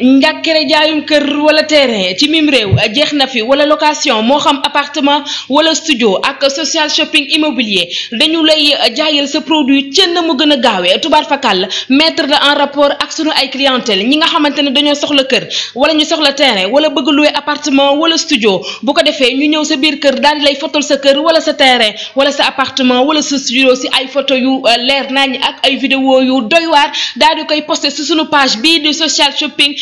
njàkkere jaayum keur wala terrain ci mim réew jeex fi wala location Moham xam appartement wala studio ak social shopping immobilier dañu lay jaayel sa produit cën na mu gëna gaawé tubar fakal mettre en rapport ak suñu ay clientèle ñi nga xamante ne dañoo soxla keur wala ñu soxla terrain wala bëgg louer appartement wala studio bu ko défé ñu ñëw sa biir keur dal di lay fotol sa keur wala sa terrain wala sa appartement wala sa studio ci ay photo yu euh, leer nañ ak ay vidéo yu doy waar dal di koy posté ci suñu page bi du social shopping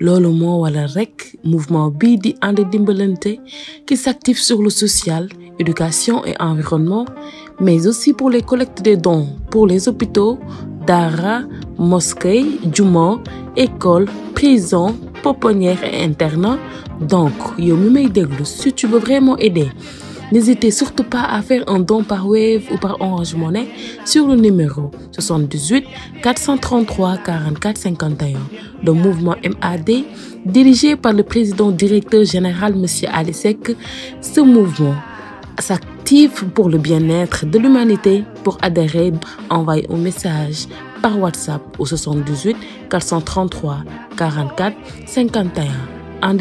loolu moo mouvement bii di qui s'active sur le social éducation et environnement mais aussi pour les collectes de dons pour les hôpitaux Dara, mosquées, jumeaux, écoles, prisons, pouponnières et internats. donc yow may si tu veux vraiment aider N'hésitez surtout pas à faire un don par Wave ou par Orange monnaie sur le numéro 78 433 44 51 le mouvement MAD dirigé par le président directeur général M. Alisek. Ce mouvement s'active pour le bien-être de l'humanité. Pour adhérer, envoyez un message par WhatsApp au 78 433 44 51 And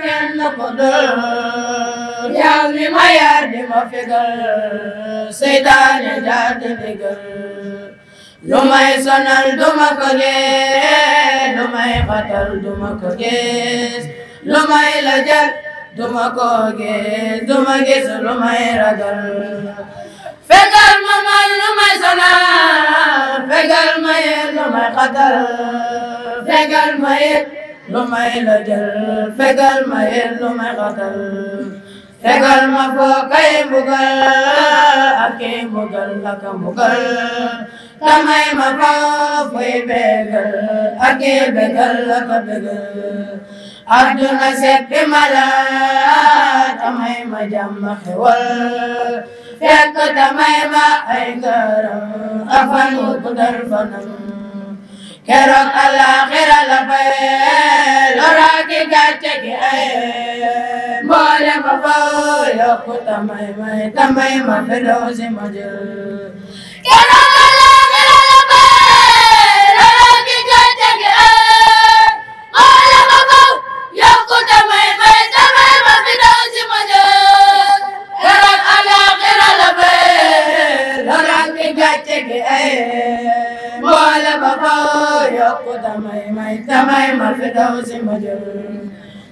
kenn ko dóor yaw mi ma yar di ma fegal seytaane jaar di fegal lu may sonal du ma ko gis lu may xatal du ma ko gis lu may lajal du ma ko gis du ma gis lu may ragal fegal ma mal lu may sonal fegal ma yar lu may xatal fegal ma yar lu may la jël fegal ma yel lu may xatal fegal ma foo kay mbugal ak kay mbugal ak mbugal tamay ma foo fuy begal ak kay begal ak begal adduna seppi ma la tamay ma jàmm xewal fekk tamay ma ay garam afan wu dar fanam keroog àllaaxira la fayee loraaki gàcce gi ayee mboole ma faw yokku tamay may tamay ma firdawsi ma jël keroog àllaaxira la fayee loraaki gàcce gi ayee mboole ma faw yokku tamay tege ay mboole ba faw yokku damay may damay ma fi daw ma jël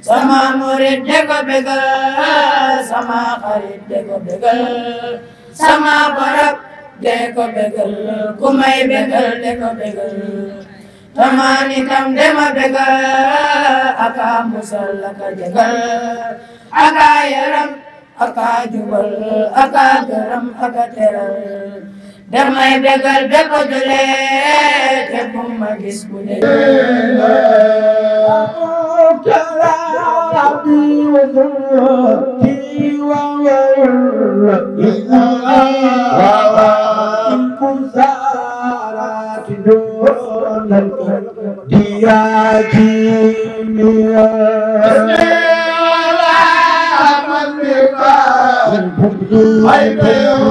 sama murit de ko bégal sama xarit de ko bégal sama barab de ko bégal ku may bégal de ko bégal tamaani tam de ma bégal aka musal aka aka yaram aka jubal aka garam aka teral damay bégal bépp jullit te bu ma gis bu dee. Ay, pero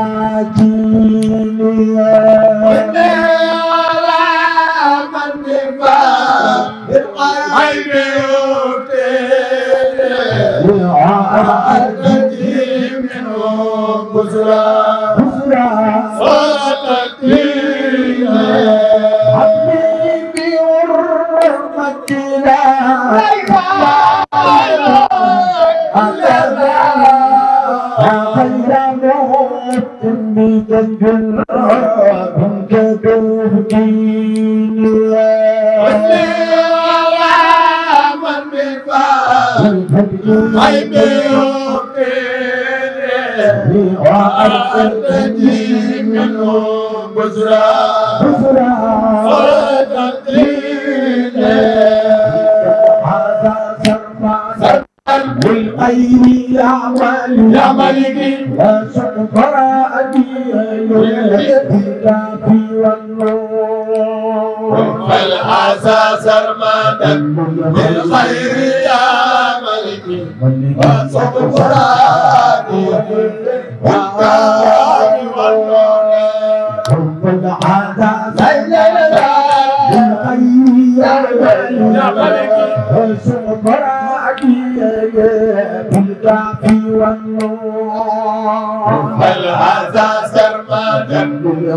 بزرع بزرع فرد الدين هذا سرما بالعين يا ولي يا ملكي لا شكر أبي يا والنور فالعسى سرمدا بالخير يا ملكي وصبر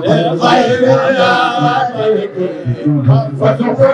Hallelujah. Hallelujah.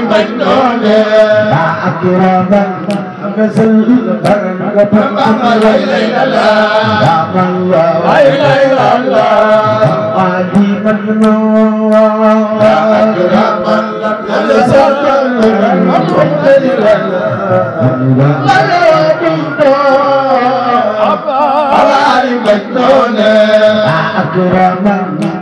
مجنون أكرما غزل برنغ بابا لا إله إلا الله لا إله إلا الله عادي مجنون أكرما غزل برنغ بابا لا إله إلا الله عادي مجنون أكرما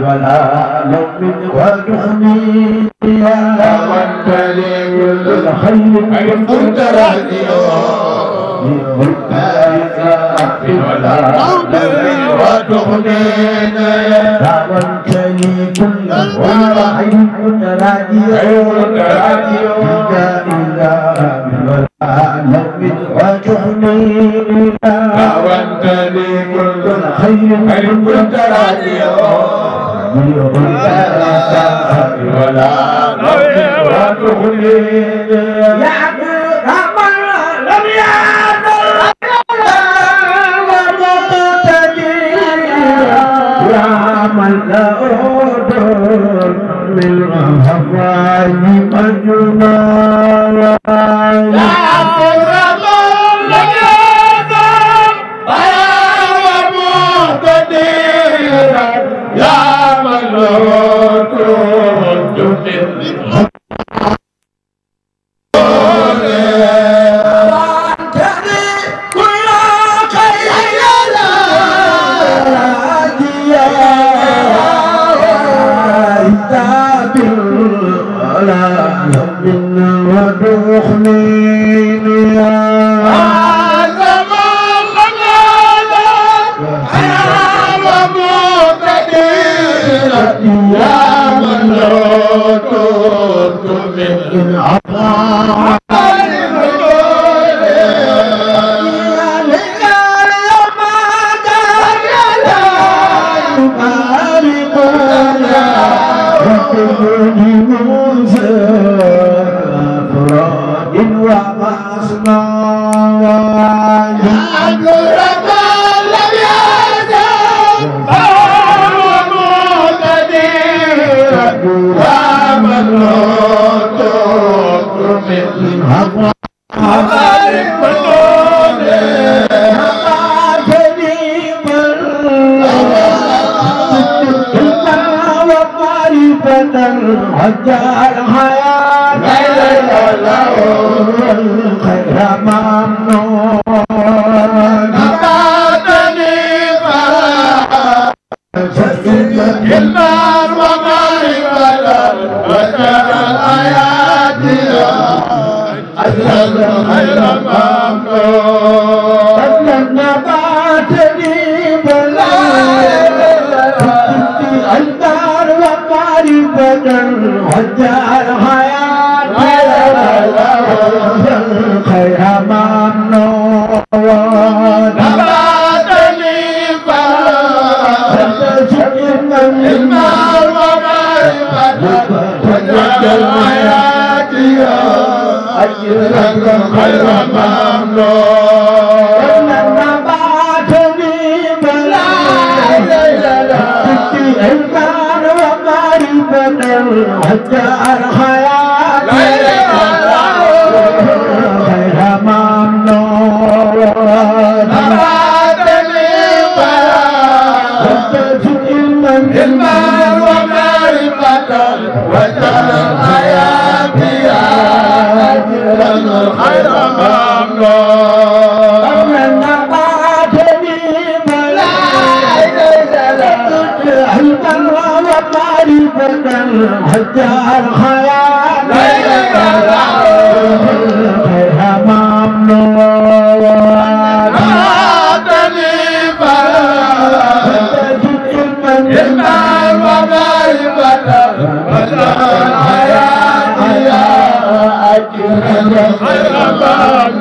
ولا لوم وتحمي يا وانت لكل خير قد راضي Ya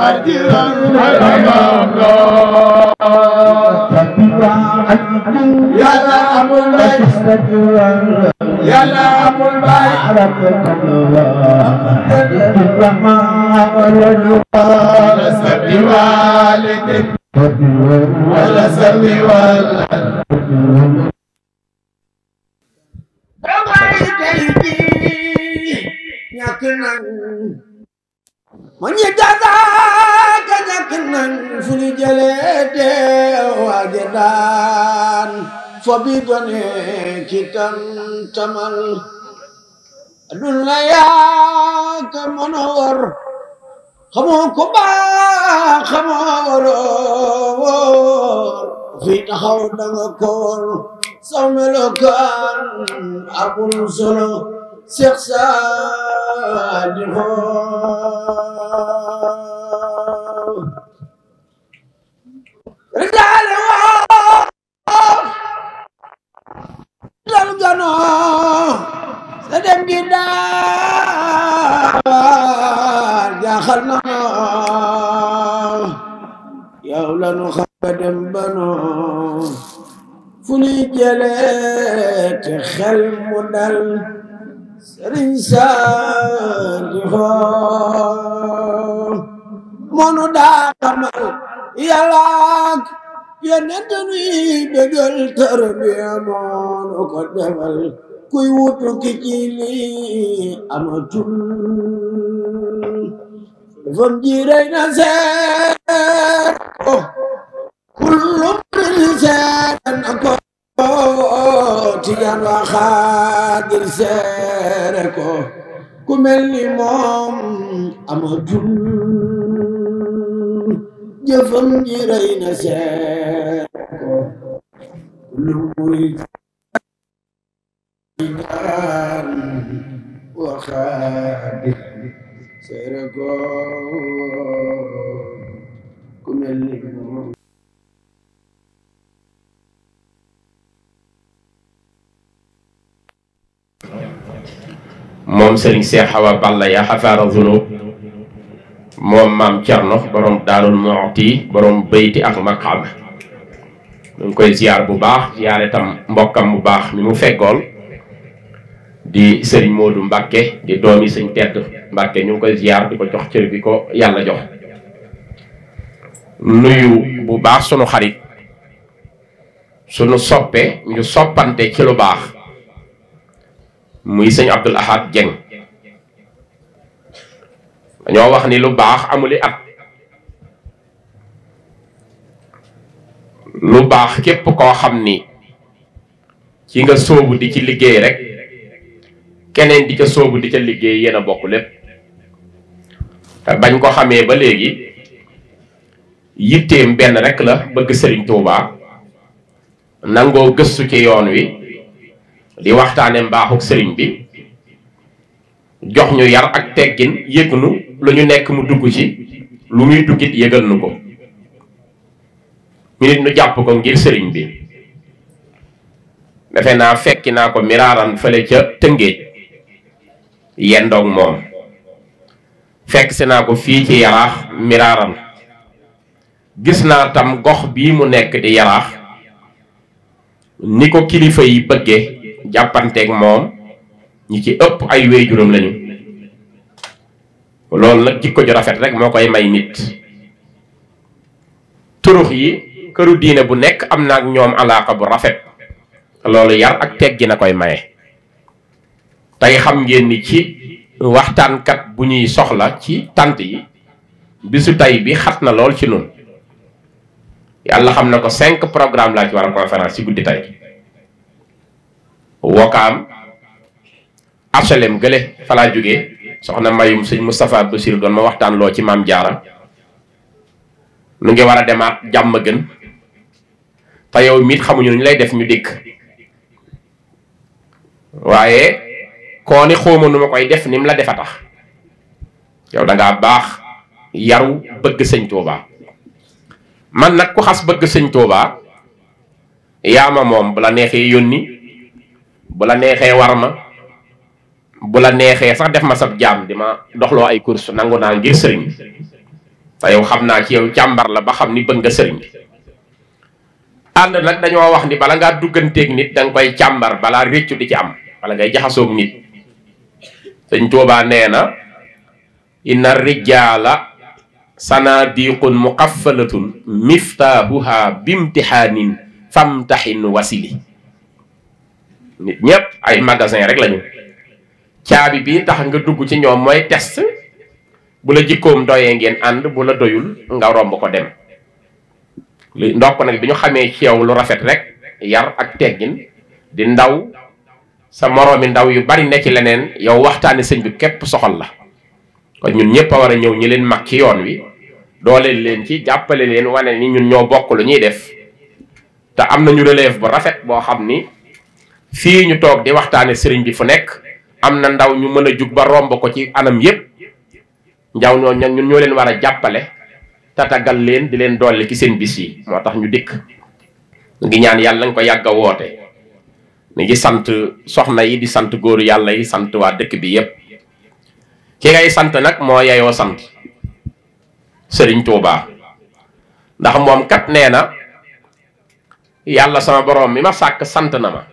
Adieu. yàlla amul baay wala salli wala ci tantamal aduna yaa ka mën a war xamoo ko baax xamoo waroo fi taxaw danga ko war saw melokaan abul solo Seex Saadi Xoo janoo sa dem jaaxal na noo yow la nu xam ba dem ba xel mu dal sëriñ saandi hoo moo nu daa yonent bi bégal tarbiya moonu ko defal kuy wutu ki ci lii amatul fam jiray na seet ko kullum min seet na ko tijaan waa xaadir seere ko ku mel ni moom amatul جفن جرين شاك كل مريد وخادم سيركو كل المريد moom Serigne Cheikh Awa Balla yaa xafaara zunub moom maam Thierno borom Daarul Muxti borom bayti ak maqaama ñu ngi koy ziar bu baax ziyaare itam mbokkam bu baax mi mu feggool di sëriñ Modou mbakke di doomi sëñ tedd Mbacke ñu ngi koy ziar di ko jox cër bi ko yàlla jox nuyu bu baax sunu xarit sunu soppe ñu soppante ci lu baax muy sëñ Abdul Ahad Dieng dañoo wax ni lu baax amuli at lu baax képp koo xam ni ci nga soobu di ci liggéey rek keneen di ca soobu di ca liggéey yéen a bokk lépp te bañ ko xamee ba léegi yitteem benn rek la bëgg sëriñ Touba nangoo gëstu ci yoon wi di waxtaane mbaaxuk sëriñ bi jox ñu yar ak teggin yëg nu lu ñu nekk mu dugg ci lu muy duggit yëgal nu ko ñu nit nu jàpp ko ngir sëriñ bi defe naa fekki naa ko miraaran fële ca tëngéej yendoog moom fekk si naa ko fii ci yaraax miraaran gis naa tam gox bi mu nekk di yaraax ni ko kilifa yi bëgge jàppanteeg moom ñi ci ëpp ay wéy juróom lañu loolu nag jikko ju rafet rek moo koy may nit turux yi këru diine bu nekk am na ak ñoom alaaka bu rafet loolu yar ak teggi na koy maye tey xam ngeen ni ci waxtaankat bu ñuy soxla ci tant yi bisu tey bi xat na lool ci nun yàlla xam na ko cinq programme laa ci war a conférence ci guddi tey wokaam HLM gële fa laa jógee soxna mayum seigne mustapha bassir don ma waxtan lo ci mam jaara nu ngi war a demaat gën ta yow mit xamuñu ñu lay def ñu dik waye ko ni xawma nu ma koy def nim la defa tax yow da nga bax yaru bëgg seigne Tuubaa man nak ku xass bëgg seigne Tuubaa ya ma moom bu la nexé yónni bu la nexé warma bu la neexee sax def ma sab jam di ma ay course nanguna naa ngir sëriñ bi yow xamna ci yow càmbar la ba xamni ni nga serigne and nak dañu wax ni bala dugante ak nit dang nga koy càmbar balaa réccu di ci am bala ngay ak nit sëñ toba neena inna sanadiqun muqaffalatun miftahuha bimtihanin, famtahin wasili nit ñep ay magasin rek lañu caabi bi tax nga dugg ci ñoom mooy test bu la jikkoom doyee ngeen ànd bu la doyul nga romb ko dem li ndokk nag bi ñu xamee ci yow lu rafet rek yar ak teggin di ndaw sa moroomi ndaw yu bari ne ci leneen yow waxtaane sëñ bi képp soxal la kon ñun ñëpp a war a ñëw ñi leen mag ci yoon wi doole leen ci jàppale leen wane ni ñun ñoo bokk lu ñuy def te am na ñu relève bu rafet boo xam ni fii ñu toog di waxtaane sëriñ bi fu nekk am na ndaw ñu mën a jub ba romb ko ci anam yépp njaw ñoo ñun ñoo leen war a jàppale tatagal leen di leen dolli ci seen bis yi moo tax ñu dikk ngi ñaan yàlla nga ko yàgg woote ni ngi sant soxna yi di sant góor yàlla yi sant waa dëkk bi yépp ki ngay sant nag moo yeyoo sant sëriñ Tuubaa ndax moom kat nee na yàlla sama borom mi ma sàkk sant na ma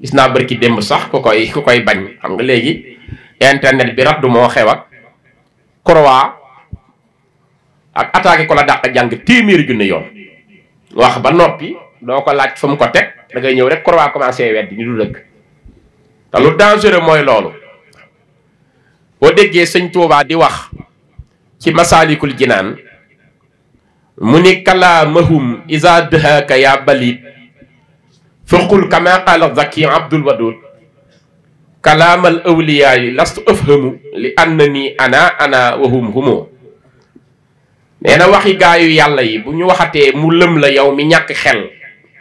gis naa bëri ki démb sax ku koy ku koy bañ xam nga léegi internet bi du moo xew ak croix ak attaqué ko la dàq jàng téeméeri junne yoon wax ba noppi doo ko laaj fa mu ko teg da ñëw rek croix commencé weddi ni du dëgg te lu dangereux mooy loolu boo déggee sëñ Tuubaa di wax ci masaalikul jinaan mu ni kalaamahum iza dahaka ya balit faqul kama qaala zaki abdul wadud kalaamal awliyaayi lastu afhamu li annani ana ana wahum humo nee na waxi gaayu yàlla yi bu ñu waxatee mu lëm la yow mi ñàkk xel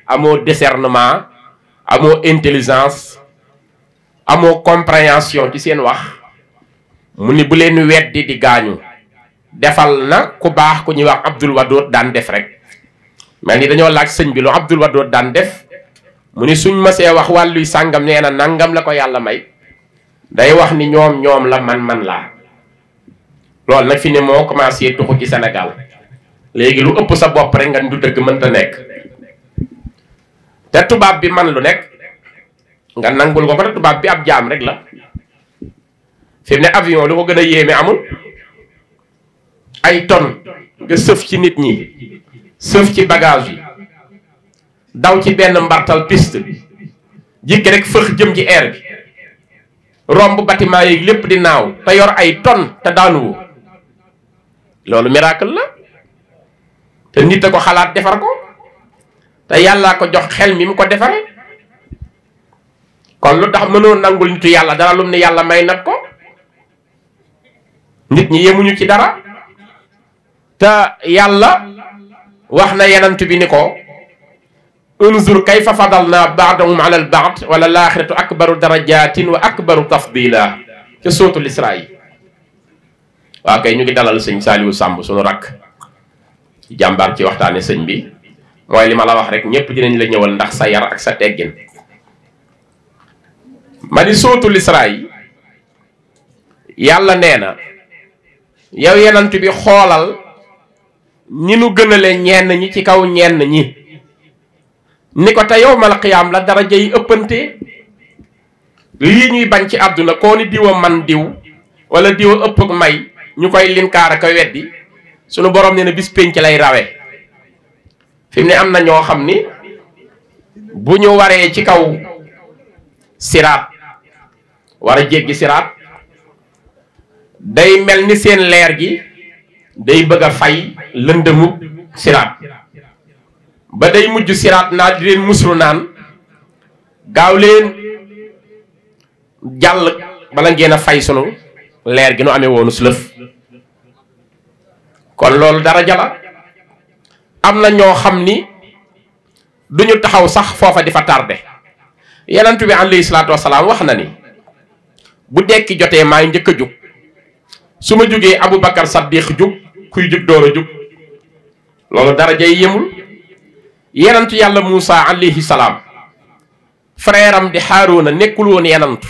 amoo discernement amoo intelligence amoo compréhension ci seen wax mu ni bu leen weddi di gaañu defal na ku baax ku ñuy wax Abdul Wadood daan def rek mel ni dañoo laaj sëñ bi lu Abdul Wadood daan def mune ne suñ masee wax walu sangam neena nangam la ko yalla may day wax ni ñom ñom la man man la lol nak fi ne mo commencé tuxu ci senegal legi lu upp sa bop rek nga du dëgg ta nek te bab bi man lu nek nga nangul ko ko te tubaab bi ab jam rek la fi ne avion lu ko gëna yéme amul ay ton nga seuf ci nit ñi seuf ci bagage yi daw ci benn mbartal piste bi jik rek fëx jëm ci air bi romb bâtiment yi lépp di naaw te yor ay tonnes te wu loolu miracle la te nit ko xalaat defar ko te ko jox xel mi mu ko defare kon lu tax mënoo nangul nitu yàlla dara lum ne yàlla may nag ko nit ñi yemuñu ci dara te yàlla wax na yenant bi ni ko unzur kayfa fadalna ba'dahum ala al-ba'd wala al-akhiratu akbaru darajatin wa akbaru tafdila ci suratul isra yi waa kay ñu ngi dalal sëñ Saliou Samb sunu rakk jàmbaar ci waxtaane sëñ bi mooy li ma la wax rek ñëpp dinañ la ñëwal ndax sa yar ak sa ni ko te yowmal qiyaam la dara yi ëppante lii ñuy bañ ci àdduna koo ni diwa man diw wala diwa ëpp ak may ñu koy linkaar ak weddi sunu borom nee na bis pénc lay rawe fi ne am na ñoo xam ni bu ñu waree ci kaw siraat war a jéggi siraat day mel ni seen leer gi day bëgg a fay lëndëmu siraat ba day mujj siraat naa di leen muslu naan gaaw leen jàll bala ngeen a fay sunu leer gi nu amee woonu su lëf kon loolu dara jala am na ñoo xam ni duñu taxaw sax foofa di fa tardé yenentu bi alayhi salaatu wasalaam wax na ni bu dekki jotee may njëkk a jóg su ma jugee Aboubacar Saddiq jug kuy jug door a jóg loolu daraja yi yemul yenantu yàlla Moussa alayhi salaam frère am di Haaruna nekkul woon yenantu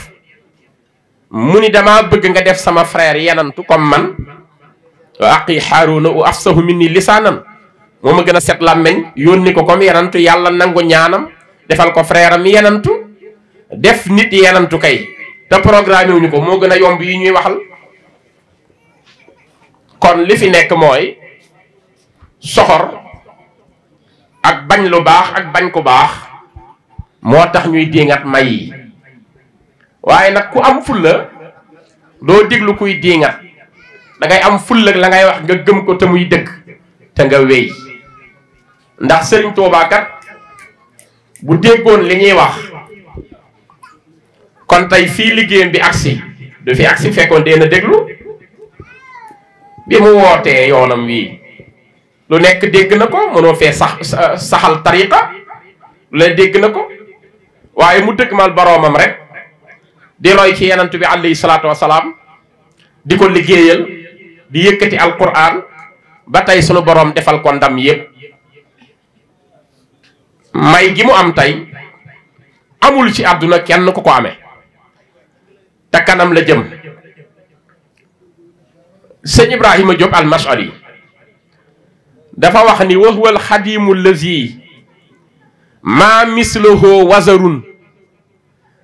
mu ni dama bëgg nga def sama frère yenantu comme man wa aqi Haaruna u afsahu minni lisaanan moo ma gën a set làmmiñ yónni ko comme yenantu yàlla nangu ñaanam defal ko frère am yenantu def nit yenantu kay te programme wuñu ko moo gën a yomb yi ñuy waxal kon li fi nekk mooy soxor ak bañ lu baax ak bañ ku baax moo tax ñuy diingat may yi waaye nag ku am fulla doo déglu kuy diingat dangay am fulla la ngay wax nga gëm ko te muy dëgg te nga wéy ndax sëriñ Tuubaa bu déggoon li ñuy wax kon tey fii liggéeyam bi agsi du fi agsi fekkoon dee na déglu bi mu wootee yoonam wii lu nekk dégg na ko mënoo fee sax saxal tariqa lu dégg na ko waaye mu dëgmal boroomam rek di roy ci yenant bi alayhi salaatu wasalaam di ko liggéeyal di yëkkati alquran ba tey sunu boroom defal ko ndam yépp may gi mu am tey amul ci àdduna kenn ku ko ame te kanam la jëm sëñ Ibrahima Diop al-Mashari dafa wax ni wa huwa alxadimu allazi maa misluhu wazarun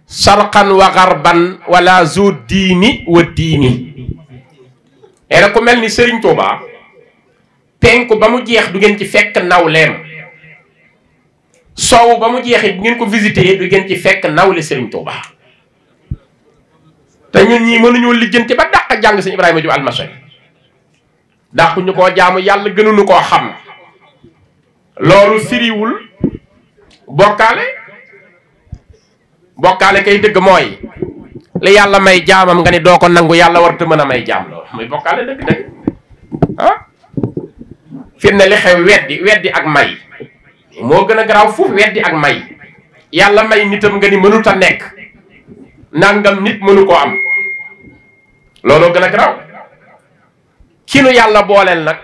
sarqan wa garban wala zu diini wa diini nee na ku mel ni sëriñ Tuuba penku ba mu jeex du ngeen ci fekk nawleem soow ba mu jeexee bu ngeen ko visité du ngeen ci fekk nawle sëriñ Tuuba te ñun ñii mënuñoo lijjanti ba dàq jàng sëñ Ibrahima Jóob Almasari dàqu ñu koo jaamu yàlla gënuñu koo xam loolu siriwul bokkaale bokkaale kay dëgg mooy li yàlla may jaamam nga ni doo ko nangu yàlla warut mën a may jaam loolu muy bokkaale dëgg dëgg ah fir li xew weddi weddi ak may moo gën a garaaw foofu weddi ak may yàlla may nitam nga ni mënut nekk nàngam nit mënu koo am looloo gën a garaaw ki nu yàlla booleel nag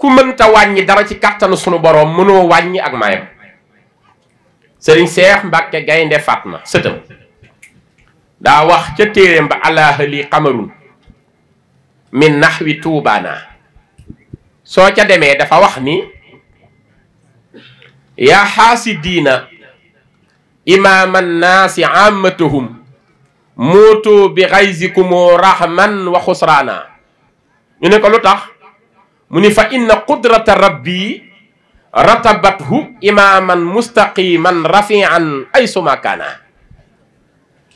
ku mënta wàññi dara ci kàttanu sunu boroom mënoo wàññi ak mayam sëriñ seex mbàkke gaynde Fatma sëtam daa wax ca téeréem ba alaahali xamarun min naxwi tuubaana soo ca demee dafa wax ni yaa xaasidiina imaaman naasi aamatuhum mootoo bi xayzikumoo raxman wa xusraana ñu ne ko lu tax mu ni fa inna qudrata rabbi ratabathu imaaman mustaqiman rafian ay sumakaana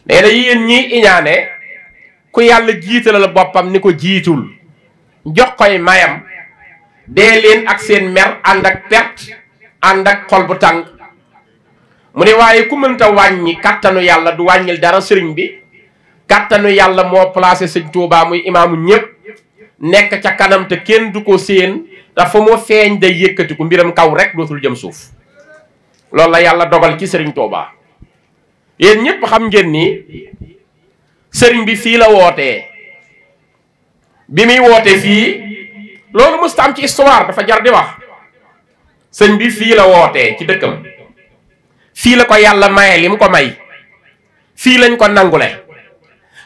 nee na yéen ñiy iñaane ku yàlla jiitalal boppam ni ko jiitul jox koy mayam dee leen ak seen mer ànd ak perte ànd ak xol bu tàng mu ne waaye ku mënta wàññi kàttanu yàlla du wàññil dara sëriñ bi kàttanu yàlla moo placé sëñ Tuubaa muy imaamu ñépp nekk ca kanam te kenn du ko séen dafa fa mu feeñ day yëkkatiku mbiram kaw rek dootul jëm suuf loolu la yàlla dogal ci sëriñ Touba. yéen ñépp xam ngeen ni sëriñ bi fii la wootee bi muy woote fii loolu musta am ci histoire dafa jar di wax sëñ bi fii la wootee ci dëkkam fii la ko yàlla maye li mu ko may fii lañ ko nangule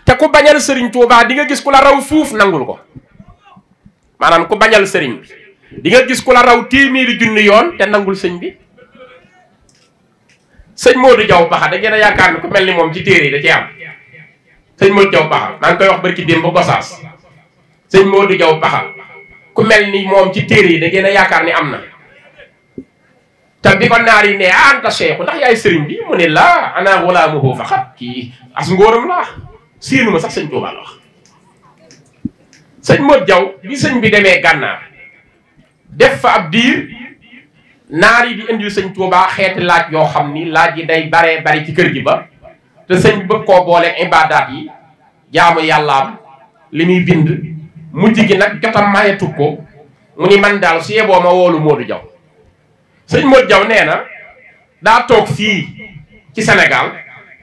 te ku bañal sëriñ Touba di nga gis ku la raw fuuf nangul ko maanaan ku bañal sëriñ bi di nga gis ku la raw téeméeri junni yoon te nangul sëñ bi sëñ Modou Diaw Baxa da ngeen a yaakaar ku mel ni moom ci téere yi da cee am sëñ Modou Diaw koy wax barki démb ba Gosaas sëñ Modou Diaw Baxa ku mel ni moom ci téere yi da ngeen a yaakaar ni am na. te bi ko naar yi ne ah, anta cheikhu ndax yaay sëriñ bi mu ne laa ana walaamuhu faxat kii as ngoorom laa séenu ma sax sëñ Tuubaa wax. sëñ Modou Diaw bi sëñ bi demee gànnaar def fa ab diir naar yi di indil sëñ Touba xeeti laaj yoo xam ni laaj yi day baree bari ci kër gi ba te sëñ bi bëgg koo boole ibaadaat yi jaamu yàllaam li muy bind mujj gi nag jotam mayetu ko mu ni man daal su yeboo ma woolu Modou Diaw sëñ Modou Diaw nee na daa toog fii ci senegal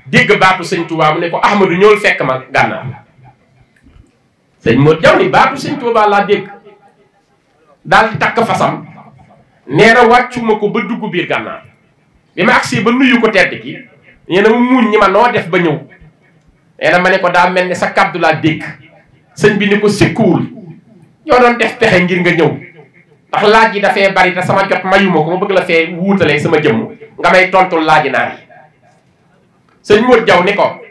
dégg baatu sëñ Touba mu ne ko Ahmadou ñëwul fekk ma gànnaar sëñ Modou Diaw ni baatu sëñ Tuubaa laa dégg daal takk fasam nee na wàccuma ko ba dugg biir gànnaar bi ma agsi ba nuyu ko tedd ki nee na mu muuñ ñi ma noo def ba ñëw nee na ma ne ko daa mel ne sa kàddu laa dégg sëñ bi ni ko sikkuwul ñoo doon def pexe ngir nga ñëw ndax laaj yi dafee bari te sama jot mayuma ko ma bëgg la fee wuutalee sama jëmm nga may tontul laaji naar yi sëñ Modou Diaw ni ko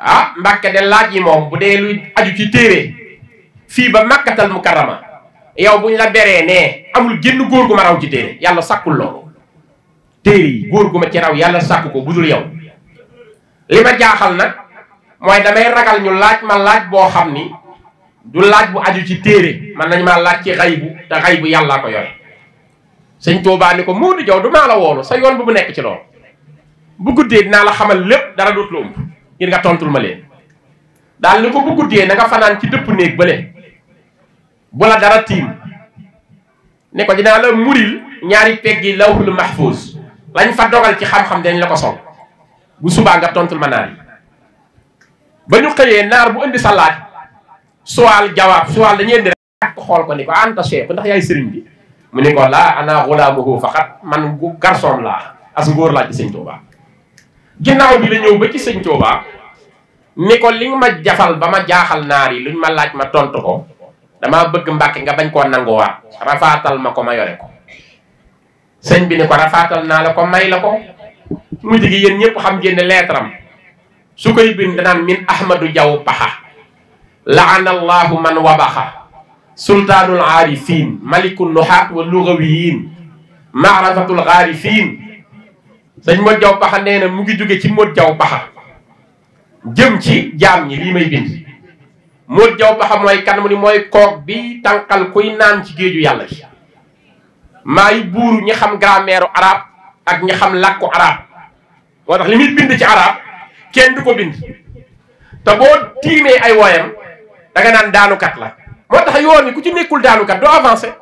ah mbàkke de laaj yi moom bu dee luy aju ci téere fii ba màkkatal mukarrama yow buñ la beree ne amul génn góor gu ma raw ci téere yàlla sàkkul loolu téere yi góor gu ma ci raw yàlla sàkk ko bu dul yow li ma jaaxal nag mooy damay ragal ñu laaj ma laaj boo xam ni du laaj bu aju ci téere man nañ maa laaj ci xaybu te xaybu yàllaa ko yore sëñ Tuubaa ni ko Modou Diaw du maa la woolu sa yoon bu mu nekk ci loolu bu guddee dinaa la xamal lépp dara dootu la ëmb ngir nga tontul ma leen daal ni ko bu guddee na nga fanaan ci dëpp néeg bële bu la dara tiim ne ko dinaa la muril ñaari peggi lawhul mahfuz lañ fa dogal ci xam-xam dañ la ko sol bu subaa nga tontul ma naar ba ñu xëyee naar bu indi salaat laaj suwaal jawaab suwaal dañuy indi rek xool ko ni a anta cheikh ndax yaay sëriñ bi mu ne ko laa ana xulaamuhu faqat man gu garçon laa as ngóor laa ci sëñ Tuubaa ginaaw bi la ñew ba ci sëñ Tuubaa ni ko li ma jafal ba ma jaaxal naar yi luñ ma laaj ma tontu ko dama bëgg mbàkke nga bañ ko nanguwaat rafaatal ma ma yoré ko sëñ bi ni ko rafaatal na la ko may la ko mu digi yeen ñepp xam ngeen lettre am su koy bind min ahmadu jaw paha laana allahu man wabaha sultanul arifin malikun nuhat wal lughawiyin maarafatul gaarifiin sëñ Modou Diaw Paxa nee na mu ngi jóge ci Modou Diaw Paxa jëm ci jaam ñi lii may bind Modou Diaw Paxa mooy kan mu ni mooy koog bi tànqal kuy naan ci géeju yàlla bi maay buuru ñi xam grammaire u arab ak ñi xam làkku arab moo tax li muy bind ci arab kenn du ko bind te boo tiimee ay wooyam da naan daanukat la moo tax yoon ku ci nekkul daanukat doo avancé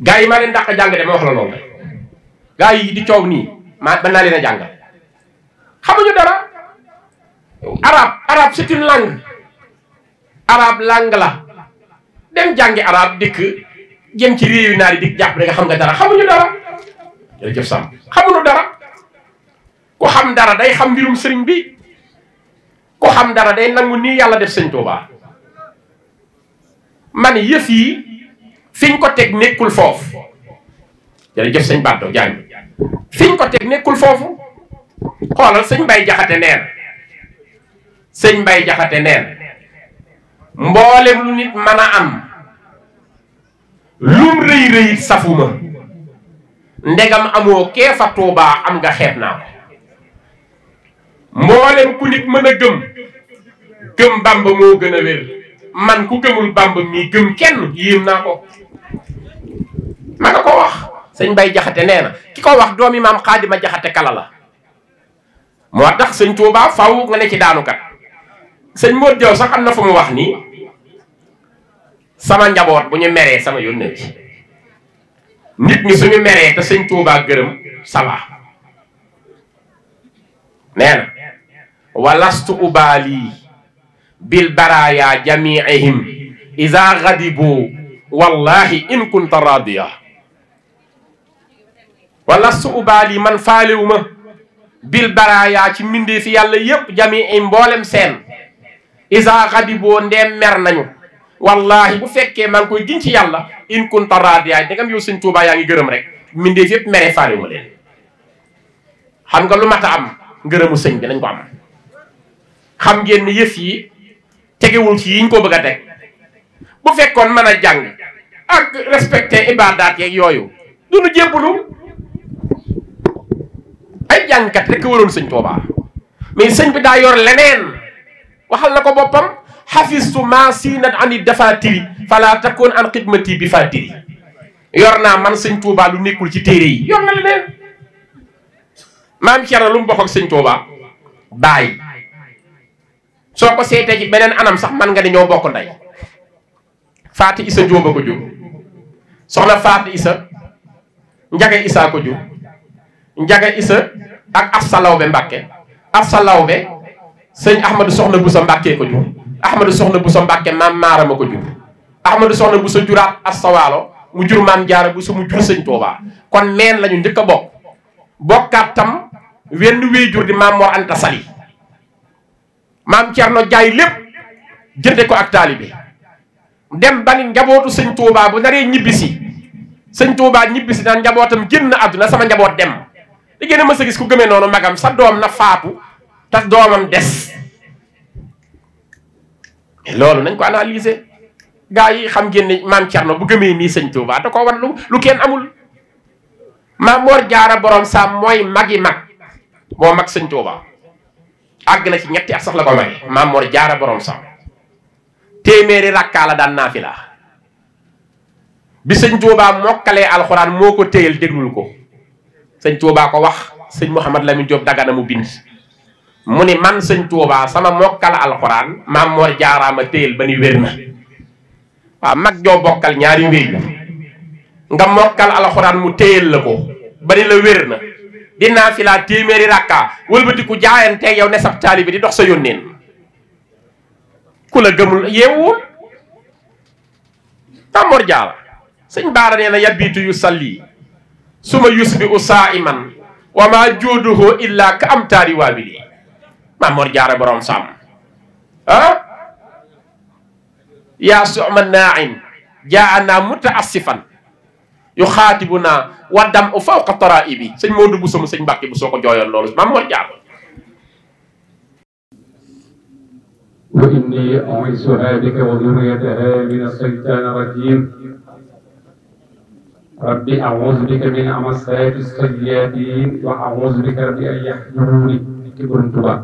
gars yi maa leen dàq jàng de ma wax la loolu gaay di ciow ni ma mën naa leen a xamuñu dara arab arab c'est une langue arab langue la dem jangé arab dike, jëm ci réew yi naar japp dikk nga xam nga dara xamuñu dara jëf Sam xamuñu dara ko xam dara day xam mbirum sëriñ bi Ko xam dara day nangu ni yalla def sëñ Tuubaa man yëf yi fiñ ko teg nekkul jëf Bato jàng fiñ ko teg nekkul foofu xoolal sëñ Mbay Jaxate neen sëñ Mbay Jaxate neen mboolem lu nit mën a am lum rëy rëyit safuma ndegam amoo kee fa Tuubaa am nga xeeb naa ko mboolem ku nit mën a gëm gëm Bàmba moo gën a wér man ku gëmul Bàmba mii gëm kenn yéem naa ko ma nga ko wax sëñ bay jaxate neena kiko dua wax doomi mam xaadima jaxate kala la moo tax sëñ tuubaa faw nga ne ci daanukat sëñ Modou Diaw sax amna na fu mu wax ni sama njabot buñu méré sama yonne ci nit ñi suñu méré te touba neena walastu ubali bil baraya jamiihim iza gadibu wallahi in kunta radiya wala su yi man faalewu ma bil baraayaa ci mbindee fi yàlla yépp jami i mboolem seen isa xadiboo ndeem mer nañu wallahi bu fekkee maa koy giñ ci yàlla in kunta raadiya dagam yow sëñ Tuubaa yaa ngi gërëm rek mbindee fi yépp mere faalewu leen xam nga lu mat am ngërëmu sëñ bi nañ ko am xam ngeen ne yëf yi tegewul ci yiñ ko bëgg a teg bu fekkoon mën a jàng ak respecté ibadaat yeeg yooyu du nu jébbalu ay jàngkat rek waroon sëñ Tuubaa mais sëñ bi daa yor leneen waxal na ko boppam xafistu maa siinat ani dafaatiri fala takun an xidmati bi faatiri yor naa man sëñ Tuubaa lu nekkul ci téere yi yor na leneen maam lu mu bokk ak sëñ Tuubaa bàyyi soo ko seetee ci beneen anam sax man nga ne ñoo bokk ndey faati isa jóoba ko jóg soxna faati isa njage isa ko jóg Njaga isa ak Afsa Lawbe Mbàkke Afsa Lawbe sëñ Ahmadou Soxna busa Mbàkke ko jur Ahmadou Soxna Bousso Mbàkke maam maarama ko jur Ahmadou Soxna Bousso juraat Afsa Waalo mu jur maam Jaara Bousso mu jur sëñ Tuubaa kon neen lañu njëkk a bokk bokkaat tam wenn wéy jur di maam Mor Anta Sali maam Cerno jaay lépp jënde ko ak taalibe dem ba ni njabootu sëñ Tuubaa bu naree ñibbisi sëñ Tuubaa ñibbisi naan njabootam génn àdduna sama njaboot dem li gën a mës a gis ku gëmee noonu magam sa doom na faatu tas doomam des loolu nañ ko analyser gaa yi xam ngeen ne maam Thierno bu gëmee nii sëñ Touba da ko war lu lu kenn amul maam Mor Jaara borom saam mooy magi mag moo mag sëñ Touba àgg na ci ñetti at sax la ko may maam Mor Jaara borom saam téeméeri rakkaa la daan naafila bi sëñ Touba mokkalee alxuraan moo ko téyel déglul ko sëñ Tuubaa ko wax sëñ Mouhamad Lamine Diop dagana mu bind mu ni man sëñ Tuubaa sama mokkal alxuraan maam Mor jaaraama téyel ba ni wér na waaw mag joo bokkal ñaari wéy nga mokkal alxuraan mu téyel la ko ba ni la wér na dinaa fi laa téeméeri rakka wëlbatiku jaayante yow ne sab taalibi di dox sa yónneen ku la gëmul yeewul maam Mor Jaara Baara nee na yabiitu yu salli suma yusbiu Usaiman, wa juduhu illa ka amtari wabili mamor jaara borom sam ah ya su'man na'im ja'ana muta'assifan yukhatibuna wa dam'u fawqa tara'ibi seigne modou bu sama seigne mbacke bu soko joyon lolou mamor jaara وإني أعيذها بك وذريتها من الشيطان الرجيم rabbi a'uuzu bika min amasaati sayyi'aati wa a'uuzu bika rabbi an yahduruuni ci Borom Tuubaa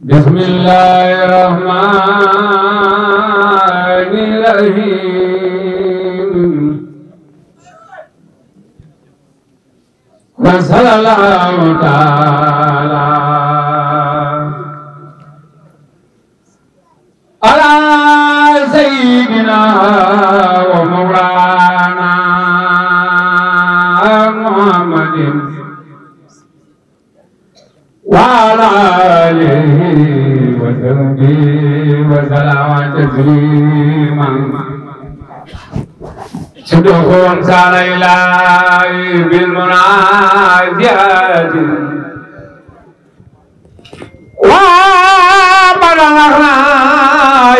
bismillahi rahmaani rahiim wa sallallahu taala ala sayyidina وعلى آله وصحبه وسلم تسليما صدق سال إلهي بالمناجات ومن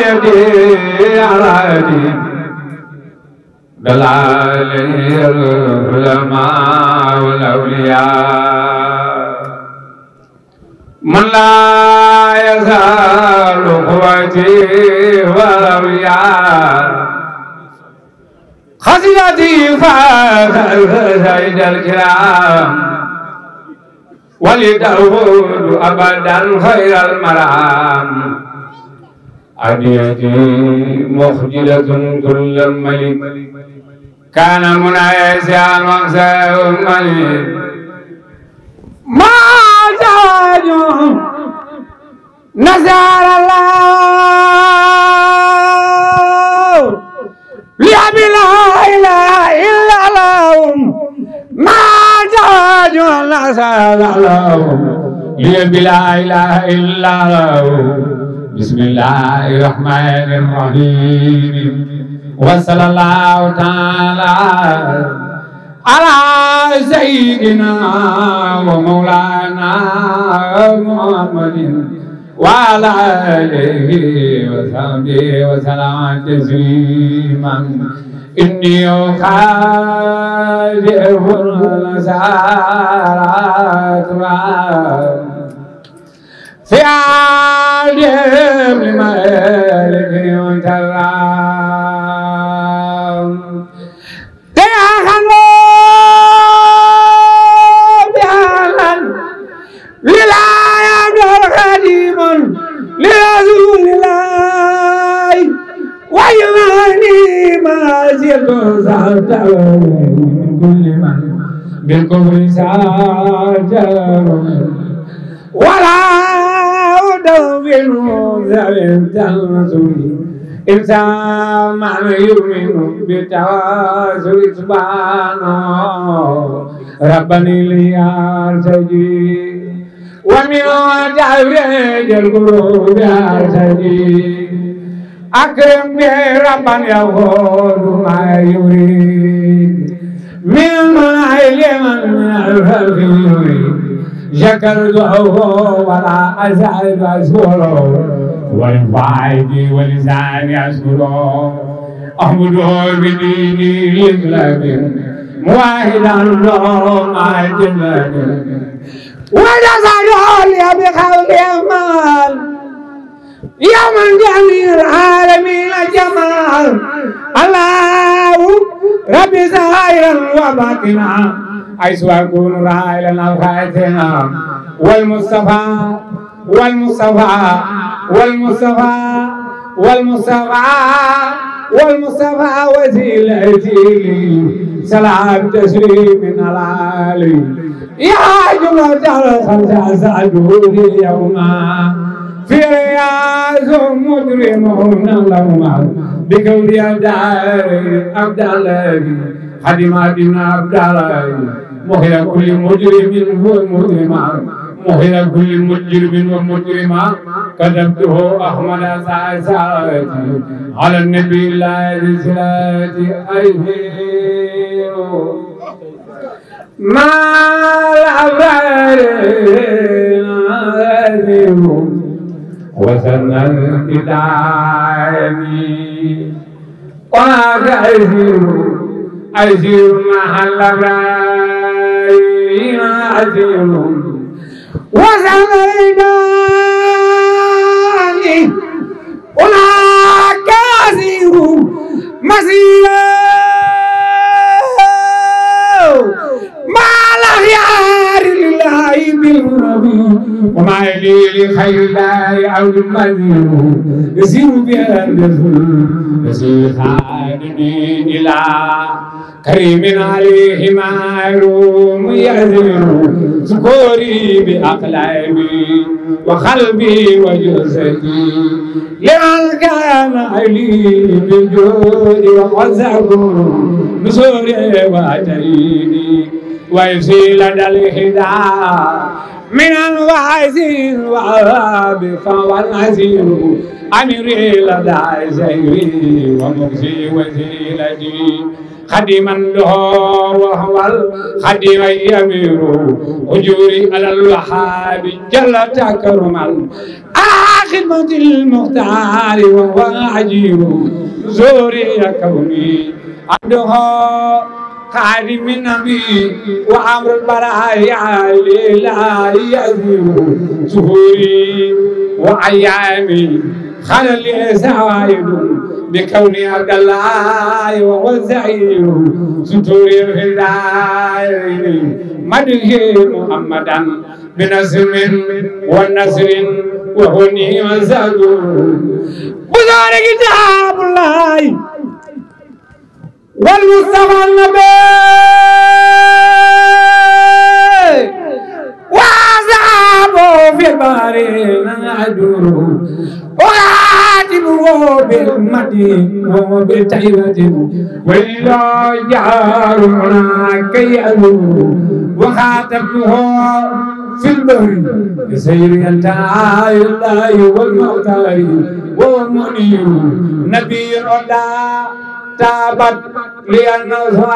يدي على يدي دلال العلماء والأولياء من لا يزال قوتي ورميان خزنتي فزيد الكرام ولداود أبدا خير المرام أديتي مخجلة كل الملك كان منعيسا وانسى الملك نزل الله لعب لا إله إلا الله ما تاج نزل الله لعب لا إله إلا الله بسم الله الرحمن الرحيم وصلى الله تعالى على سيدنا ومولانا محمد وعلى آله وصحبه وسلم تسليما إني أخالف الأسارات في عالم الملك وتراب دعوة من كل من بالكفر ساجر ولا أدون ذلك تلمسه إنسان معنى يؤمن بالتواصل سبحانه ربني ليرتجي ومن تعبير القلوب يرتجي أكرم به ربا يقول ما يريد من علما من الفلك يريد شكرته ولا أزعل أشكره ولفعيدي ولساني أشكره أحمده بديني لكلاب واحدا له ما جلاد وجزاه لي بخير المال يا من جعل العالمين جمال الله ربي زاهرا وباطنا حيث أكون رائلا الخاتنا والمصطفى والمصطفى والمصطفى والمصطفى والمصطفى وزيل أجيلي سلام تسليم العالي يا جعل الخمسة سعدوني اليوم فيريازو مجرمون اللهم بقولي أبدالي أبدالي خدماتنا أبدالي مهر كل مجرم ومجرما مهر كل مجرم ومجرما كتبته أحمد ساعتي على النبي الله رسالتي أيه ما الأبرار وسنن بدعاني وأزير أزير مع الغايين أزير وسنن هناك أزير مسير مع الأخيار الهي بالهرب وما يلي لخير الله او المنه يسير بها النزول يسير خادمي الى كريم عليه معروم يهزم سكوري بأقلامي وقلبي وجسدي لعل كان علي بالجود وعزه بزوري وأتيني ويزيل الحداء من الوعزين وعاب فوالعزين أمري لدى زيري ومغزي وزيلتي خديما له وهو الخديم يمير أجوري على الوهاب جل تكرما خدمة المختار وهو عجيب زوري يا كوني عبدها خادم النبي وعمر البرايا لا يزور سهوري وأيامي خلل زوائد بكوني عبد الله وهو الزعيم ستوري في الدار مدحي محمدا بنصر ونصر وهو نعم زاد بزارك كتاب الله والمصطفى النبي وعذابه في البحر نعدو وعاتبه بالمدين وبالتعبة وإلا جعلنا كيألو وخاطبته في البر بسير التعاي الله والمختار والمنير نبي الله تابت لأنظارنا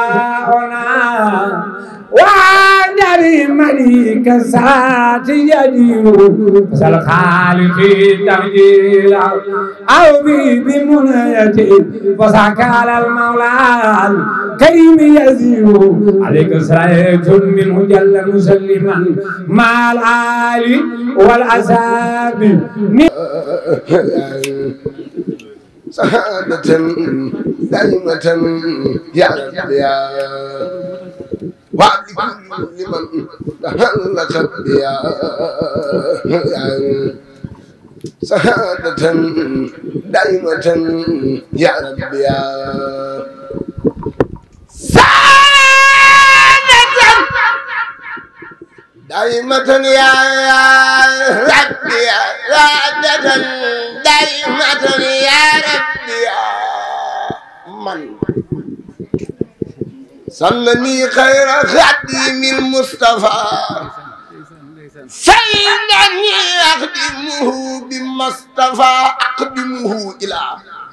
وعدري مليك سات يدي فالخالق تمجيلا أو بي بمنيتي فسكال المولى الكريم يزيو عليك سرعيت منه جل مسلما مع الآل والأساب سعادة دائمة يا رب يا وعد كل من تهلك بيا سعادة دائمة يا رب يا دائمة يا ربي رادة دائمة يا ربي من صلني خير خادم المصطفى سيدني أخدمه بما اصطفى أقدمه إلى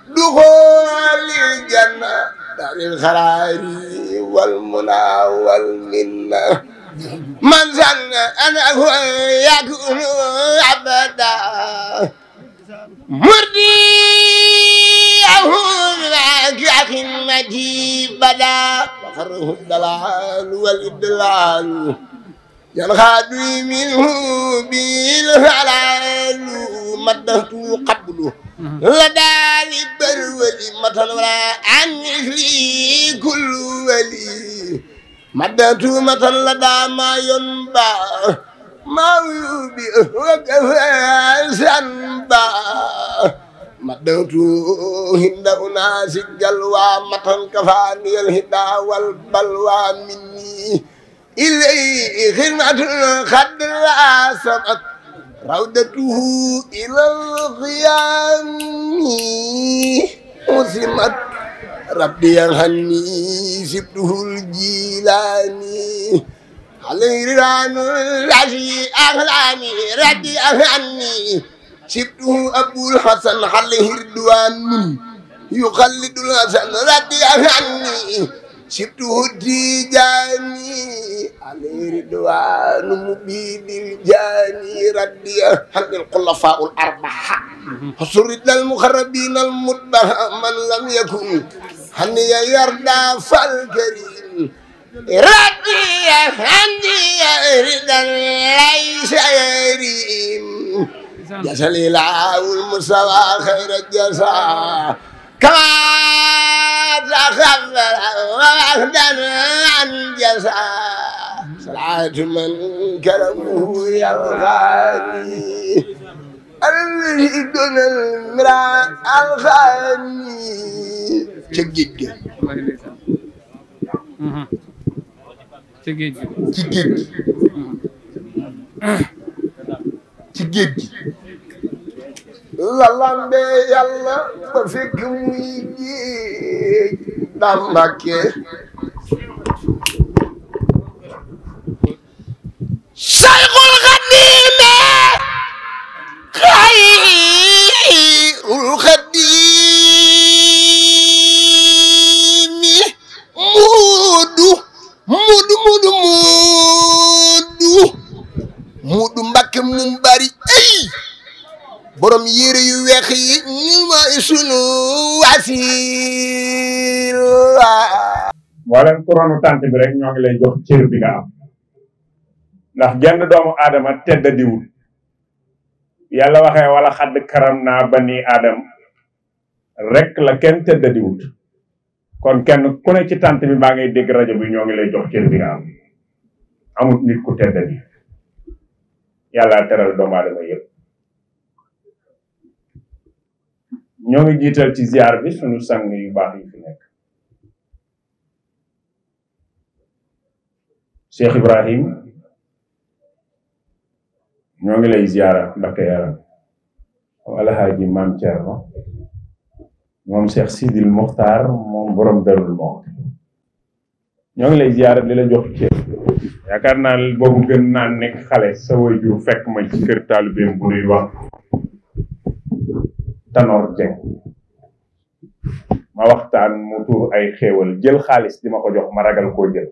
دخول الجنة دار الخراري والمنى والمنى من ظن أنه يكون عبدا مرضيه لك مجيب بدا فخره الدلال والإدلال ينخاد منه بالهلال مدهت قبله لدى البر ولي متن ولا عن كل ولي مدتو مثل لدى ما ينبع ما يوبي وكفى سنبع مدتو هند أناس الجلوى متن كفاني الهدى والبلوى مني إلي خدمة خد لا سمت روضته إلى القيام مسمت rabbi yarhamni sibtuhul jilaani aliriraanul lazi axlaani rabbi yarhamni sibtuhu abul hasan alirduwaanun yuxallidul hasan rabbi yarhamni sibtuhu tijaani alirduwaanu mubidil jaani rabbi yarhamni alxulafaa'ul arba'a mhm. suridnal muqarrabiinal mutbaha man lam yakun هني يرضى فالكريم ربي هني يرضى ليس يريم يا الإله والمستوى خير الجزاء كما تخبر وحدا عن جزاء سلعات من كرمه يا الغالي alli donal miraan alxaani ca géej ga ci géej gi ci géej gi ci géej gi la lambe yàlla ba fekk muy géej daam mbàkke Sayxul Xadiim خير الخديم مود مود مود مود مود مبكي مباري اي borom yére yu weex yi ñu mooy sunu wasila wala koronu tànt bi rek ñoo ngi jox cër bi nga am ndax genn doomu aadama tedd diwul yàlla waxee wala xadd karam naa bani aadam rek la kenn tëddadiwut kon kenn ku ne ci tànt bi maa ngi dégg rajo bi ñoo ngi lay jox cër bi nga am amut nit ku tëddadi yàlla teral doomu aadama yëpp ñoo ngi jiital ci ziar bi suñu sang yu baax yi fi nekk Cheikh Ibrahim ñoo ngi lay ziara Mbacke yaram alxaaji maam Thierno moom Cheikh Sidil Mokhtar moom borom darul moom ñoo ngi lay ziara di la jox ceeb yaakaar naa boobu gën naa nekk xale sa waajur fekk ma ci kër taalibeem bu nuy wax Tanor Dieng ma waxtaan mu tuur ay xéewal jël xaalis di ma ko jox ma ragal ko jël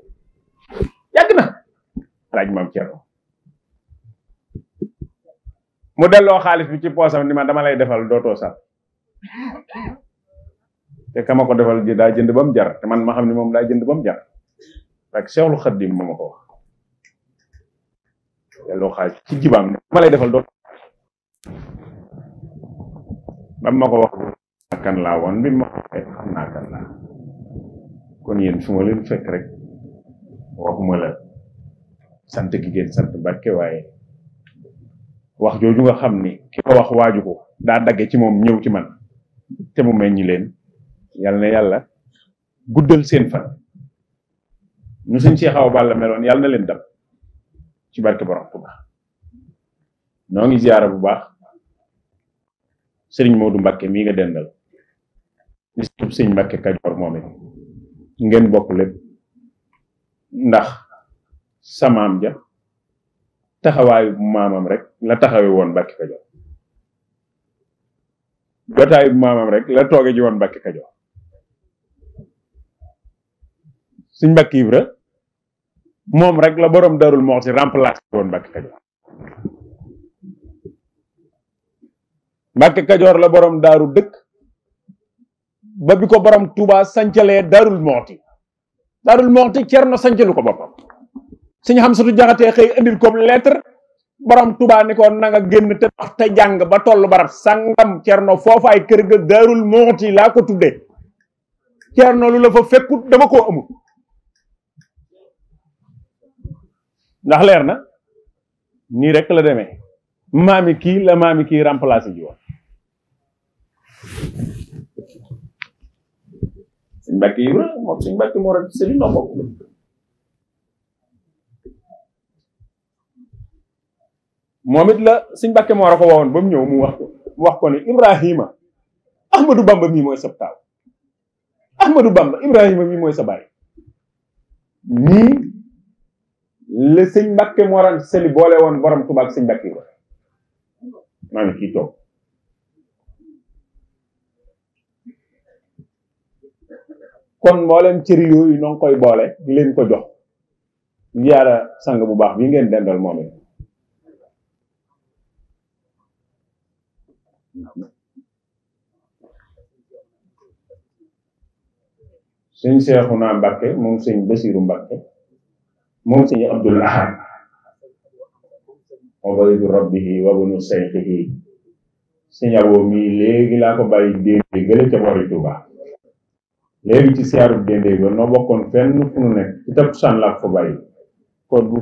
yàgg na alaaj maam Thierno mu delloo xaliss bi ci posam ni ma dama lay defal doto sa te kama ko defal ji da jënd bam jar te man ma xamni mom moom jënd bam jar ak cheikhul khadim mom ko wax delloo xal ci jibam dama lay defal doto bam mako wax kan la won bi kan la kon yeen suma leen rek waxuma la sante gi barke waye wax jooju nga xam ni ki ko wax waaju ko daa dagge ci moom ñëw ci man te mu meññi leen yal na yàlla guddal seen fan ñu suñ see xaw bàlla meloon yàlla na leen dab ci barke borom Tuuba noo ngi ziyaara bu baax sëriñ Modou Mbacke mii nga dendal di sëriñ sëñ Mbacke Kajoor moom it ngeen bokk lépp ndax samaam ja taxawaayu maamam rek la taxawe woon Mbàkke Kajoor jotaayu maamam rek la tooge ji woon Mbàkke Kajoor suñ Mbàkke Ibra moom rek la boroom darul moo ci remplacé woon Mbàkke Kajoor la boroom daaru dëkk ba bi ko boroom Tuubaa sancalee darul moxti darul moxti cerno sancalu ko boppam suñu xam sutu jaxatee xëy indil ko lettre borom tuba ne ko na nga genn te wax te jang ba tollu barab sangam cerno fofu ay keur ga darul monti la ko tuddé cerno lu la fa fekkut dama ko amul ndax leer na ni rek la démé mami ki la mami ki remplacer ji won suñ bakki yi moom suñ mbàkk rek no bokku momit la seigne bakke mo rako won bam ñew mu wax ko wax ko ni ibrahima ahmadou bamba mi moy sa taw ahmadou bamba ibrahima mi moy sa bay ni le seigne bakke mo ran seli bolé won borom tuba ak seigne bakke man ki tok kon mbolem ci yi nong koy bolé len ko jox yara sang bu baax bi ngeen dendal momit sëñ Seexuna Mbàkke moom sëñ Basiiru Mbàkke moom sëñ Abdul Ahad obaridu rabbihi wabunu sayxihi sëñ Aboo mii léegi laa ko bàyyi déndee gële ca bori Tuuba léegi ci siyaaru déndee ba noo bokkoon fenn fu nu nekk ci takkusaan laa ko bàyyi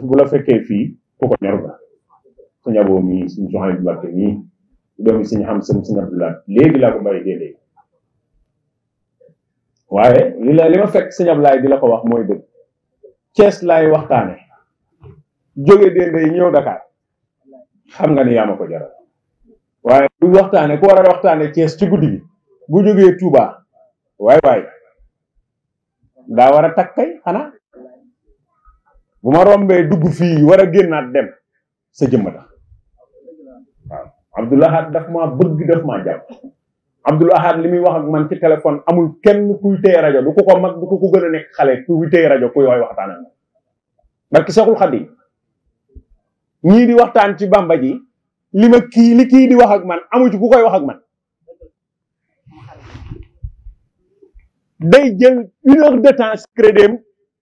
bu la fekkee fii ku ko ñor ba sëñ Aboo mii sëñ Soxna Mbàkke mii doomi si xam sam suñu abdulaat léegi laa ko bari léegi waaye li la li ma fekk si ablaay di la ko wax mooy dëgg Cees laay waxtaane jóge dénd ñëw Dakar xam nga ni yaa ma ko jaral waaye bu waxtaane ku war a waxtaane Cees ci buddi bi bu jógee tuuba waay waay daa war a takk kay xanaa bu ma rombee dugg fii war a génnaat dem sa jëmm tax Abdoul Ahad daf maa bëgg daf maa jàpp Abdoul Ahad li muy wax ak man ci téléphone amul kenn kuy téye rajo du ko ko mag du ko ko gën a nekk xale kuy téye rajo kuy waay waxtaan ak barki Seexul Xadiim ñii di waxtaan ci Bamba ji li ma kii li kii di wax ak man amu ci ku koy wax ak man day jël une heure de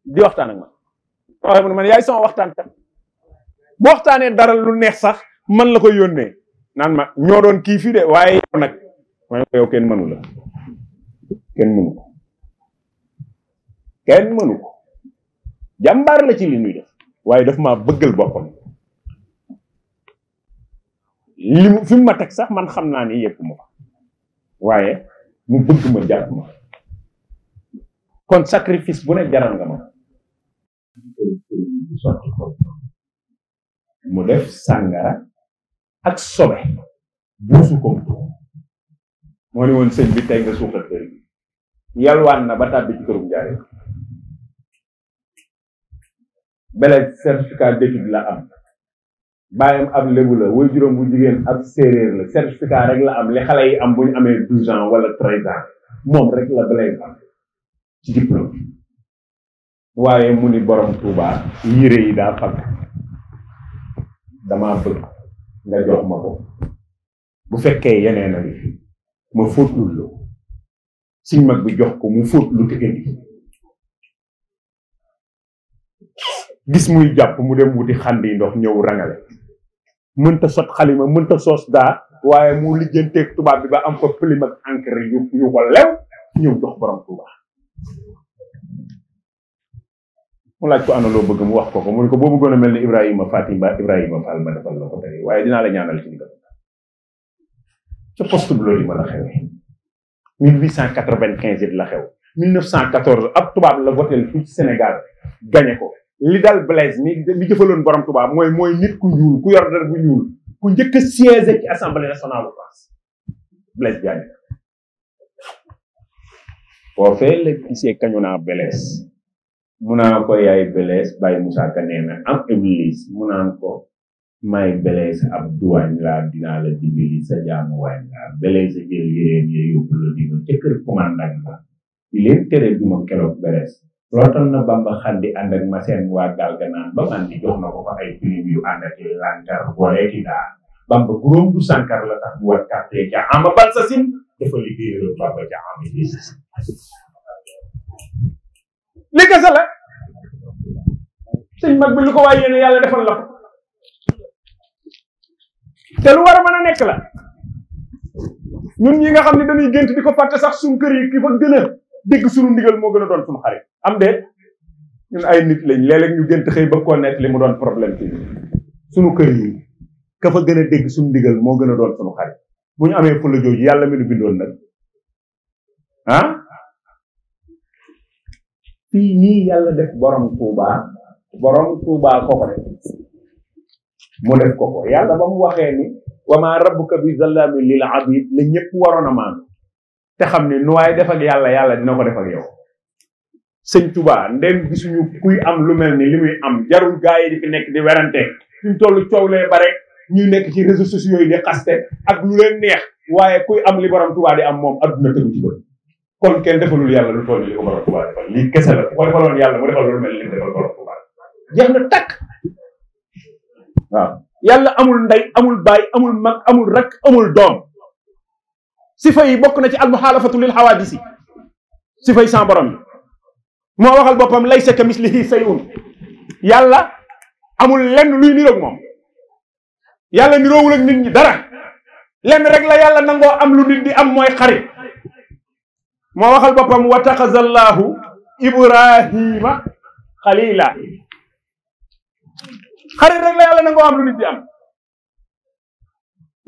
di waxtaan ak man yaay sama waxtaan bu waxtaanee dara lu neex sax man la koy yónnee Nan ma ñoo doon ki fi de waye yow nak waye yow kenn mënu la kenn mënu ko kenn mënu ko la ci li ñuy def waye daf ma bëggal boppam li fi ma tek sax man xamna ni yépp ma waye mu bëgg ma jàpp ma kon sacrifice bu ne jaral nga ma mu def sangara ak sobe buusu ko moo ne woon sëñ bi tey nga suuxal kër gi yalwaan na ba tàbbi ci kërum jaare bele certificat d'étude la am bàyyam ab lébu la way juróom bu jigéen ab séeréer la certificat rek la am li xale yi am bu ñu amee douze ans wala treize ans moom rek la belay am ci diplôme waaye mu ni borom Tuubaa yére yi daa fag damaa bëgg nga jox ma ko bu fekkee yeneen a ngi ma fóotlul lu suñ mag bi jox ko mu fóotlu te indi gis muy jàpp mu dem wuti xànd yi ndox ñëw rangale mënta sot xalima mënta soos daa waaye mu lijjanteeg tubaab bi ba am ko pilim encre yu yu ko lew ñëw jox borom tubaab mu laaj ko ana loo bëgg mu wax ko ko mu ne ko boo bëggoon mel ni Ibrahima Fatima Ibrahima Fall ma defal la ko tey waaye dinaa la ñaanal ci ndigal ca poste ma la xewee 1895 it la xew 1914 ab tubaab la votel fii Sénégal gañe ko li dal Blaise mi jëfaloon borom tubaab mooy mooy nit ku ñuul ku yor dara bu ñuul ku njëkk a ci assemblée nationale bu France Blaise Diagne. boo fee la gisee kañu naa Blaise. mu naa ko yaay belees Baye Moussa Ka am iblis mu naa ko may belees ab duwaañ laa dinaa la dimbali sa jaamu waañ laa belees a jël yéreen ya yóbbu la dina ca kër commandant la di leen tere duma keroog belees lootal na Bamba xandi ànd ak waa gaal ga Bamba guróom du sankar la tax mu war kàttee ca ama bal sa sin dafa liggéeyal Bamba ca ama li kese la sëñ mag bi lu ko waay yéene yàlla defal la te lu war a mën a nekk la ñun ñi nga xam ne dañuy gént di ko fàtte sax suñ kër yi ki fa gën a dégg suñu ndigal moo gën a doon suñu xarit am de nit lañ léeg ñu gént xëy ba koo nekk li mu doon problème ci kër yi gën a dégg suñu ndigal moo gën a doon bu ñu amee fulla jooju yàlla mi nu bindoon nag ah fii nii yàlla def borom Touba borom Touba ko de mu def ko ko yàlla ba waxee ni wa maa rabbuka bi zallaami lil abid la ñëpp waroon a maan te xam ne nu waay def yàlla yàlla dina ko def yow. sëñ Touba ndem gisuñu kuy am lu mel ni li muy am jarul gaa yi di fi nekk di werante fi mu toll coow lee bare ñuy nekk ci réseaux sociaux yi di xaste ak lu leen neex waaye kuy am li borom Touba di am moom adduna tegu ci kon kenn defalul yàlla lu toll li ko borom Tuubaa defal lii kese la ko defaloon yàlla mu defal lu mel li mu defal borom Tuubaa jeex na takk waaw yàlla amul ndey amul baay amul mag amul rak amul dom. sifa yi bokk na ci almuxaalafatu lil xawaadisi sifa yi sans borom bi moo waxal boppam laysa ka mislihi sayun Yalla amul len luy niroog moom Yalla niroowul ak nit ñi dara lenn rek la yàlla nangoo am lu nit di am mooy xarit moo waxal boppam wa taxazallahu ibrahima xalila xarit rek la yàlla nangoo am lu nit di am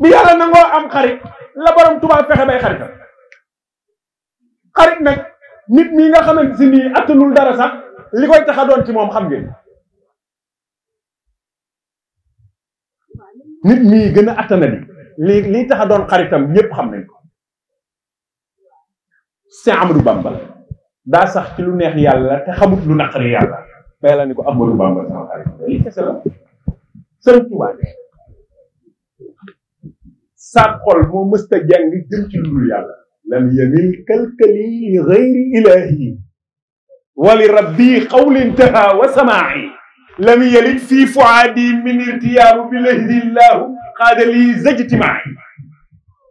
bi yàlla nangoo am xarit la borom tubaab fexe bay xaritam xarit nag nit mii nga xamante si nii attanul dara sax li koy tax a doon ci moom xam ngeen nit mii gën a attana li li tax a doon xaritam ñëpp xam nañ ko Cheikh Amadou Bamba la daa sax ci lu neex yàlla te xamut lu naqari yàlla may la ni ko Amadou Bamba sama xarit li kese la sëñ Tuubaa sa xol moo mësta jàng jëm ci lu dul yàlla lam yamil kalkali li gayri ilahi wali rabbi qawlin taha wa samaai lam yalid fi fuaadi min irtiyaabu bi lahdillahu xaadali zajtimaai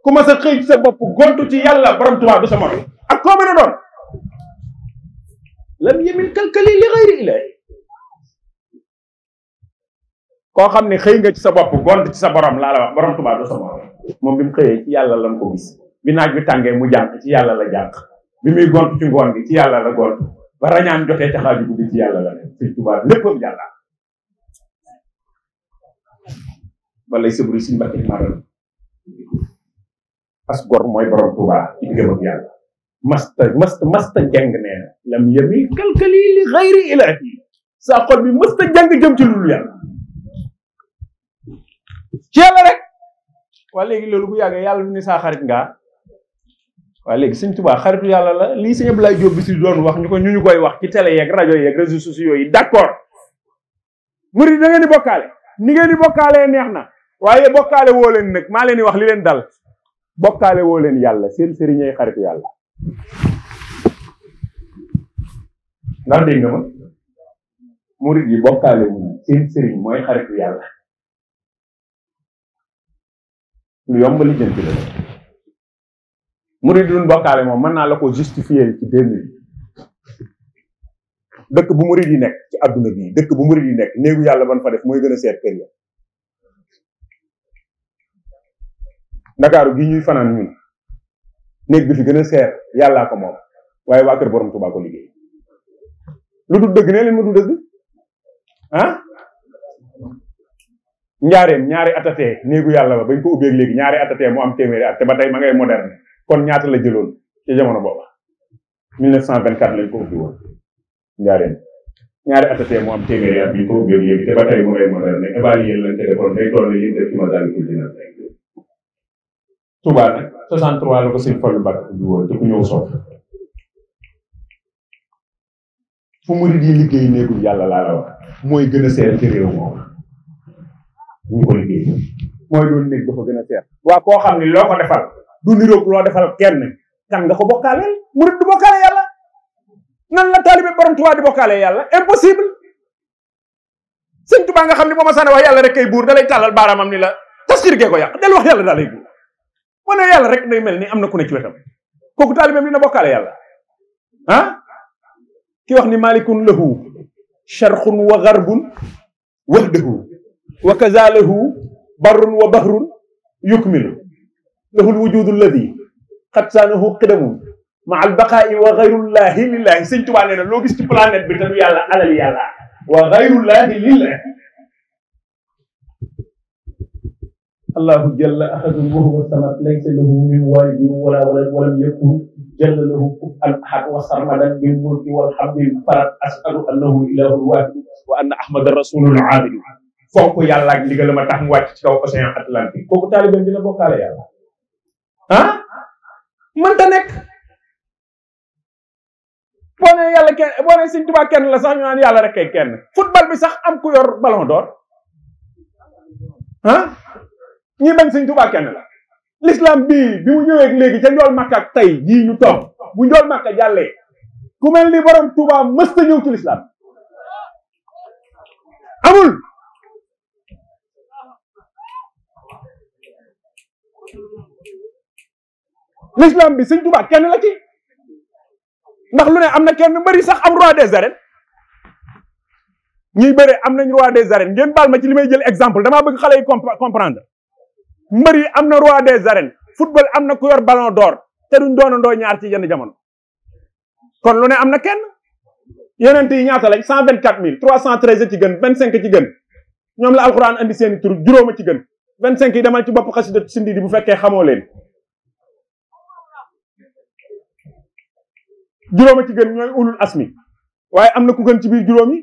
ku ma sa xëy sa bopp gontu ci yàlla borom Tuubaa du sama ak koo mën a doon lam yemin kalkali li xëyri ilahi koo xam ne xëy nga ci sa bopp gont ci sa borom laa la wax borom tubaab du sa borom moom bi mu xëyee ci yàlla lan ko gis bi naaj bi tàngee mu jànq ci yàlla la jànq bi muy gont ci ngoon gi ci yàlla la ba ci la ne maral as gor borom ci ak masta masta masta jàng nee na lam yemi kalkali li xayri sa xol bi masta jàng jëm ci lu yàlla ci yàlla rek waa léegi loolu bu yàgg yàlla du ne saa xarit ngaa waa léegi Sëñ Tuubaa xaritu yàlla la lii Sëñ Abdoulaye Diop bi si doon wax ñu ko ñu ñu koy wax ci télé yeeg rajo yeeg réseaux sociaux yi d'accord murid da ngeen di bokkaale ni ngeen di bokkaalee neex na waaye bokkaale woo leen nag maa leen di wax li leen dal bokkaale woo leen yàlla seen sëriñay xaritu yàlla ndax dégg nga ma murid yi bokkaale wuñ seen sëriñ mooy xaritu yàlla yomb li jënti la murid yi duñ bokkaale moom mën naa la ko justifier dëkk bu murid yi nekk ci àdduna bi dëkk bu murid yi nekk néegu yàlla ban fa def mooy gën a seet kër ya ndakaaru gi ñuy fanaan ñun néeg bi fi gën a seer yàllaa ko moom waaye waa kër borom Tuubaa ko liggéey lu dul dëgg nee leen ma du dëgg ah njaareem ñaari atatee néegu yàlla ba bañ ko ubbeeg ñaari atatee mu am téeméeri at ba tey ma ngay moderne kon ñaata la jëloon ci jamono booba 1924 lañ ko ubbi woon ñaari atatee mu am téeméeri at bi ñu ko ubbeeg léegi te ba tey mu ngay moderne évaluer lañ te defoon day toll yéen daal di ko dina Touba nag 63 la ko sëñ Fallu Mbàkke indi woon te ku ñëw soof fu murid yi liggéey néegul yàlla laa la wax mooy gën a seer ci réew moom ñu ko liggéey mooy doon néeg dafa gën a seer waa koo xam ne loo ko defal du niroog loo defal kenn kan nga ko bokkaaleel du bokkaale yàlla nan la borom di bokkaale yàlla impossible sëñ Touba nga xam ne boo ma sànni wax yàlla rek kay buur da tàllal baaraamam ni ko yàq del wax yàlla wane yàlla rek day mel ni am na ku ne ci wetam kooku taalibeem dina bokkaale yàlla ah ki wax ni malikun lahu sharxun wa garbun wahdahu wa kaza lahu barrun wa bahrun yukmilu lahu lwujudu alladi xat saanahu qidamun ma albaqaa'i wa gayrullahi lillahi sëñ tubaa nee na loo gis ci planète bi te du yàlla alal yàlla wa gayrullahi lillahi allahu jalla ahadun wa huwa samad laysa lahu min walidin wala walad walam yakun jalla lahu kufuwan ahad wa sarmadan bil mulki wal hamdi farat as'alu annahu ilahul wahid wa anna ahmada rasulul abid fonk yàlla ak ndigal ma tax mu wàcc ci kaw océan Atlantique kooku taalibeem dina bokkaale yàlla ah mënta nekk boo nee yàlla kenn boo nee Sëñ Tuubaa kenn la sax ñu naan yàlla rek kay kenn football bi sax am ku yor ballon d'or ah ñi bañ sëñ Tuubaa kenn la l'islam bi bi mu ñëwee léegi ce njool Makka tey jii ñu toog bu njool Makka jàllee ku mel ni borom Tuubaa mës ta ñëw ci l'islam amul l'islam bi sëñ Tuubaa kenn la ci ndax lu ne am na kenn bëri sax am roi de arènes ñuy bëre am nañ roi des arènes ngeen baal ma ci li may jël exemple damaa bëgg xale yi comprendre mbër yi am na roi des arènes football am na ku yor ballon d'or te duñ doonandoo ñaar ci yenn jamono kon lu ne am na kenn yeneen yi ñaata lañ cent vingt quatre mille trois cent treize ci gën vingt cinq ci gën ñoom la alxuraan andi seen i tur juróoma ci gën vingt cinq yi demal ci bopp xasida sindi di bu fekkee xamoo leen juróoma ci gën ñooy ulul asmi waaye am na ku gën ci biir juróom yi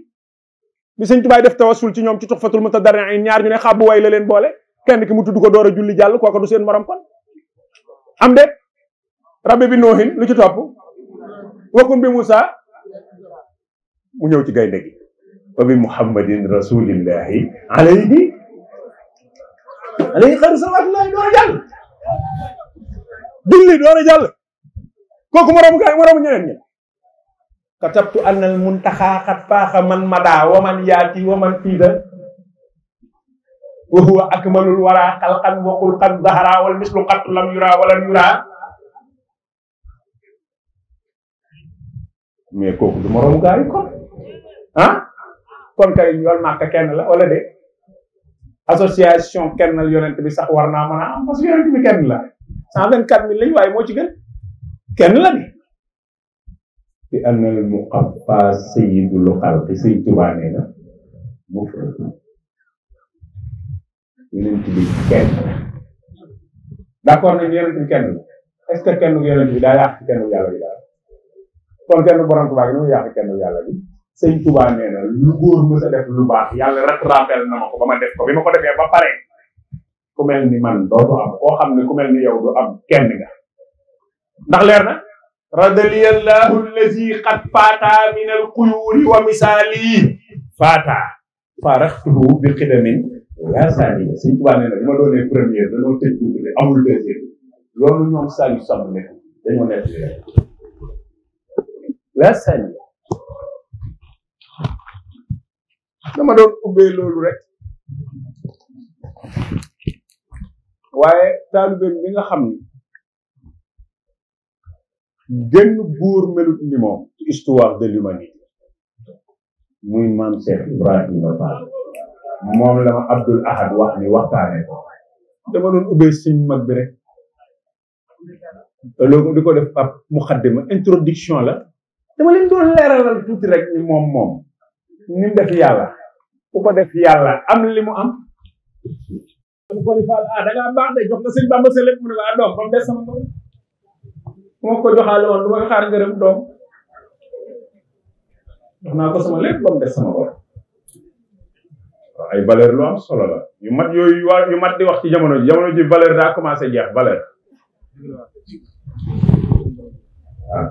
bi sëñ tubaay def tawassul ci ñoom ci tuxfatul mutadarrin ñaar ñu ne xàbbu way la leen boole kenn ki mu tuddu ko doora a julli jàll kooka du seen morom kon am de rabbi bi nohin lu ci top wakun bi musa mu ñew ci gaynde gi wa bi muhammadin rasulillahi alayhi alayhi xayru salawatullahi door a jàll julli doora jall jàll kooku morom gaay morom ñeneen ñi katabtu anna al khat fa man mada wa man yati wa man fida wa huwa akmalul wara xalqan wa xulqan zahara wal mislu qat lam yura wala yura mais kooku du moroom gaa kon ah kon kay yool màkk kenn la wala de association kennal yonent bi sax war naa mën a am bi kenn la cent vingt quatre mille lañu waaye moo ci gën kenn la bi bi annal muqaffa sayyidul xalqi Sëriñ Tuubaa nee na yonent bi kenn d'accord nañu yonent bi kenn est-ce que kenn yonent bi daa yàq ci kenn yàlla bi daal kon kenn borom Tuubaa bi sëñ a def lu baax ma ko bi ma ko defee ba pare ku mel ni man dootu am koo xam ne ku mel ni yow du am kenn nga ndax leer na radaliyallahu allazi qad faata min alquyuri wa misaali faata faaraxtuhu bi qidamin yaa Sadio Sëñ Tuubaa nee na bi ma doonee première dañoo tëj bunt bi amul deuxième loolu ñoom Sadio Samb nekk dañoo nekk li rek doon ubbee loolu rek waaye taalibeem bi nga xam ni genn buur melut ni moom histoire de l'humanité moom la ma Abdul Ahad wax ni waxtaanee ko dama doon ubbee suñ mag bi rek loolu di ko def ab muqaddima introduction la moom moom mu def yàlla ku ko def yàlla am li mu am ah, mu ko defaal ah doom ba mu sama doom moo ko joxaale woon du ma xaar ngërëm doom jox naa ko sama lépp ba mu sama bopp ay valeur lu am solo la yu mat yooyu yu mat di wax ci jamono jamono ji valeur da commencé jeex valeur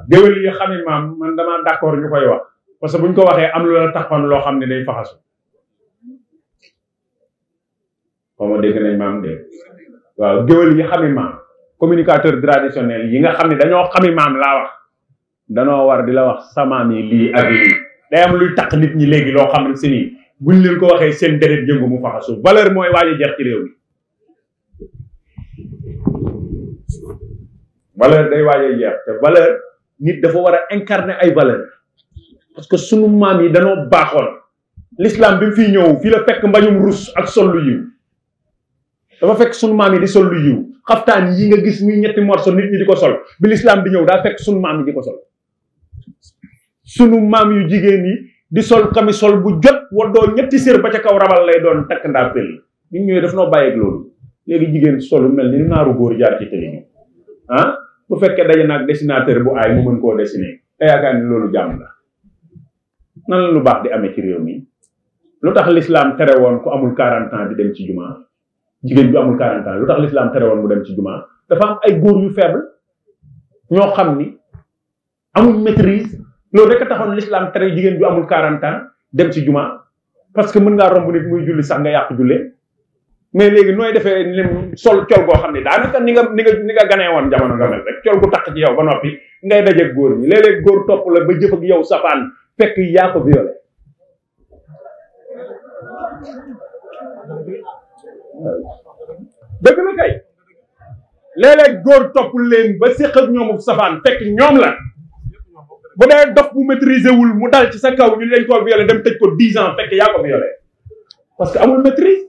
deewal ah, yi xamé mam man dama d'accord ñu koy wax parce que buñ ko waxé am lu la taxoon loo xam day faxasu xaw dégg nañ mam dé waaw deewal yi xamé mam communicateur traditionnel yi nga xamné ne xamé mam la wax war di la wax samaami li ak day am luy tak nit ñi lo buñ leen ko waxee seen deret yëngu mu faxasu valeur mooy waaji jar ci réew mi valeur day waaje jar te valeur nit dafa war a incarner ay valeur parce que sunu maam yi danoo baaxoon l'islam bi mu fiy ñëw fii la fekk mbañum rus ak sollu lu yiw dafa fekk sunu maam yi di sollu lu yiw xaftaan yi nga gis muy ñetti morceau nit ñi di ko sol bi l'islam bi ñëw daa fekk sunu maam yi di ko sol sunu maam yu jigéen yi di sol sol bu jot woddoo ñetti sir ba ca kaw rabal lay doon tak ndapel pel ñun def no baye ak lolu legi jigen solu mel ni naaru goor jaar ci télé ñu ah bu fekke daje nak dessinateur bu ay mu mën ko dessiner te yaakaar ni loolu jàmm la nan lu bax di amé ci réew mi lutax l'islam téré won ku amul 40 ans di dem ci juma jigen bi amul 40 ans lutax l'islam téré won mu dem ci juma dafa am ay goor yu faible ño xamni amul maîtrise loolu rek a taxoon l'islam tere jigéen ju amul quarantan dem ci jumaa parce que mën ngaa romb nit muy julli sax nga yàq julle mais léegi nooy defee lim sol col goo xam ne daanaka ni nga ni nga ni nga ganee woon jamono nga mel rek col gu taq ci yow ba noppi ngay dajeeg góor ñi léeg góor topp la ba jëf ak yow safaan fekk yaa ko violé dëgg góor topp leen ba séq ak ñoom safaan fekk ñoom la bu dee dof bu maîtriser wul mu dal ci sa kaw ñu lañ ko violé dem tëj ko dix ans fekk yaa ko violé parce que amul maîtrise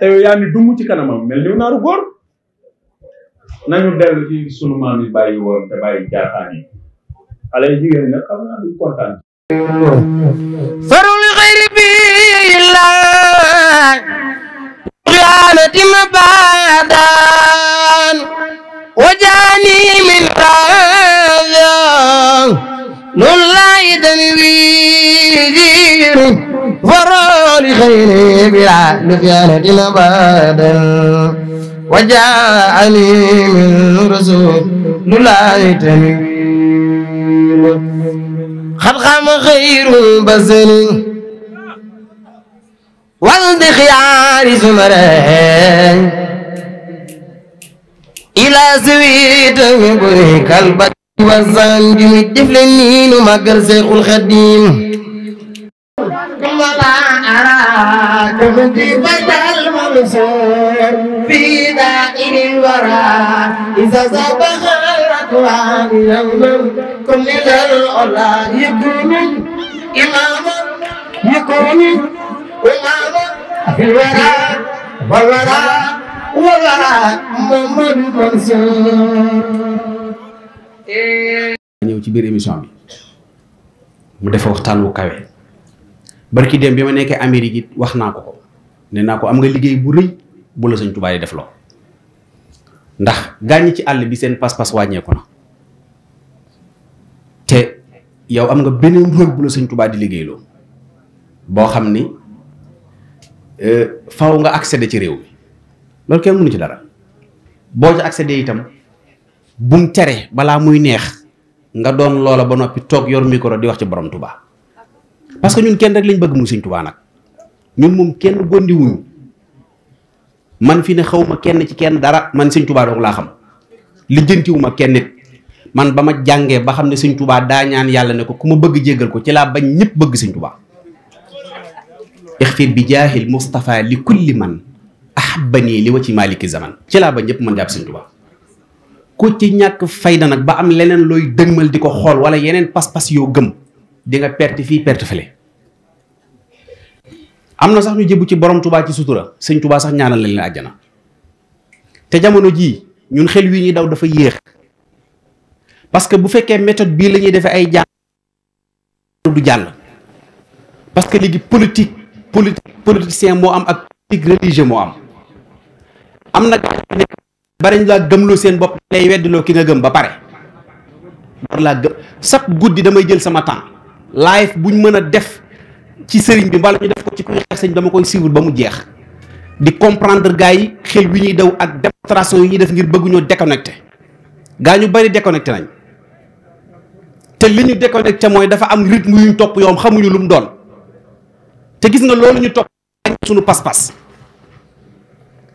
te yow yaa ni dumm ci kanamam mel ni naaru góor nañu dellu ci sunu maam yi bàyyi woon te bàyyi jaaxaan yi xale yi jigéen nga xam naa duñ kontaan farul xayri bi تنذير فرا لخير بلا نفيان أبدا وجاءني من رسول الله تنذير خلقم خير بزني ولد خيار زمرين إلى سويت من بريك mazaan gi mi def leen nii nu màggal Seexul Xadiim والورى والورى محمد منصور ñëw ci biir émission bi mu defe waxtaan wu kawe barki dem bi ma nekkee Amérique it wax naa ko ko nee naa ko am nga liggéey bu rëy bu la Sëñ Tuubaa yi def loo ndax gaañ ci àll bi seen pas-pas wàññeeku na te yow am nga beneen rôle bu la Sëñ Tuubaa di liggéeyloo boo xam ni e, faw nga accéder ci réew mi loolu kenn mënu ci dara boo ci accéder itam bum tere balaa muy neex nga doon loola ba noppi toog yor micro di wax ci borom Touba parce que ñun kenn rek lañ bëgg mu sëñ Touba nag ñun moom kenn gondiwuñu man fi ne xaw kenn ci kenn dara man sëñ Touba doog laa xam li lijjantiwuma kenn nit man ba ma jàngee ba xam ne sëñ tubaa daa ñaan yàlla ne ko ku ma bëgg jéggal ko ci laa bañ ñëpp bëgg sëñ Touba ixfir bi jaahil Moustapha li kulli man ahabbani li wa ci maliki zaman ci laa bañ ñëpp mën jàpp sëñ Touba ku ci ñàkk fayda nag ba am leneen looy dëgmal di ko xool wala yeneen pas-pas yoo gëm di nga perte fii perte am na sax ñu jébbu ci borom tubaa ci sutura sëñ tubaa sax ñaanal leen la àjjana te jamono jii ñun xel wii ñuy daw dafa yéex parce que bu fekkee méthode bii lañuy defee ay jàng du jàll parce que léegi politique politique moo am ak politique religieux moo am am na bariñ la lu seen bop lay weddiloo ki nga gëm ba pare bar la gëm chaque guddi damay jël sama temps life buñ mëna a def ci sëriñ bi mbala ñu def ko ci kuy xex sëriñ dama koy suivre ba mu jeex di comprendre gaay xel wi ñuy daw ak démonstration yi ñi def ngir bëgguñoo déconnecté gaa ñu bari déconnecté nañ té li ñu déconnecté dafa am rythme ñu top yoom xamuñu lum doon té gis nga loolu ñu top suñu pas-pas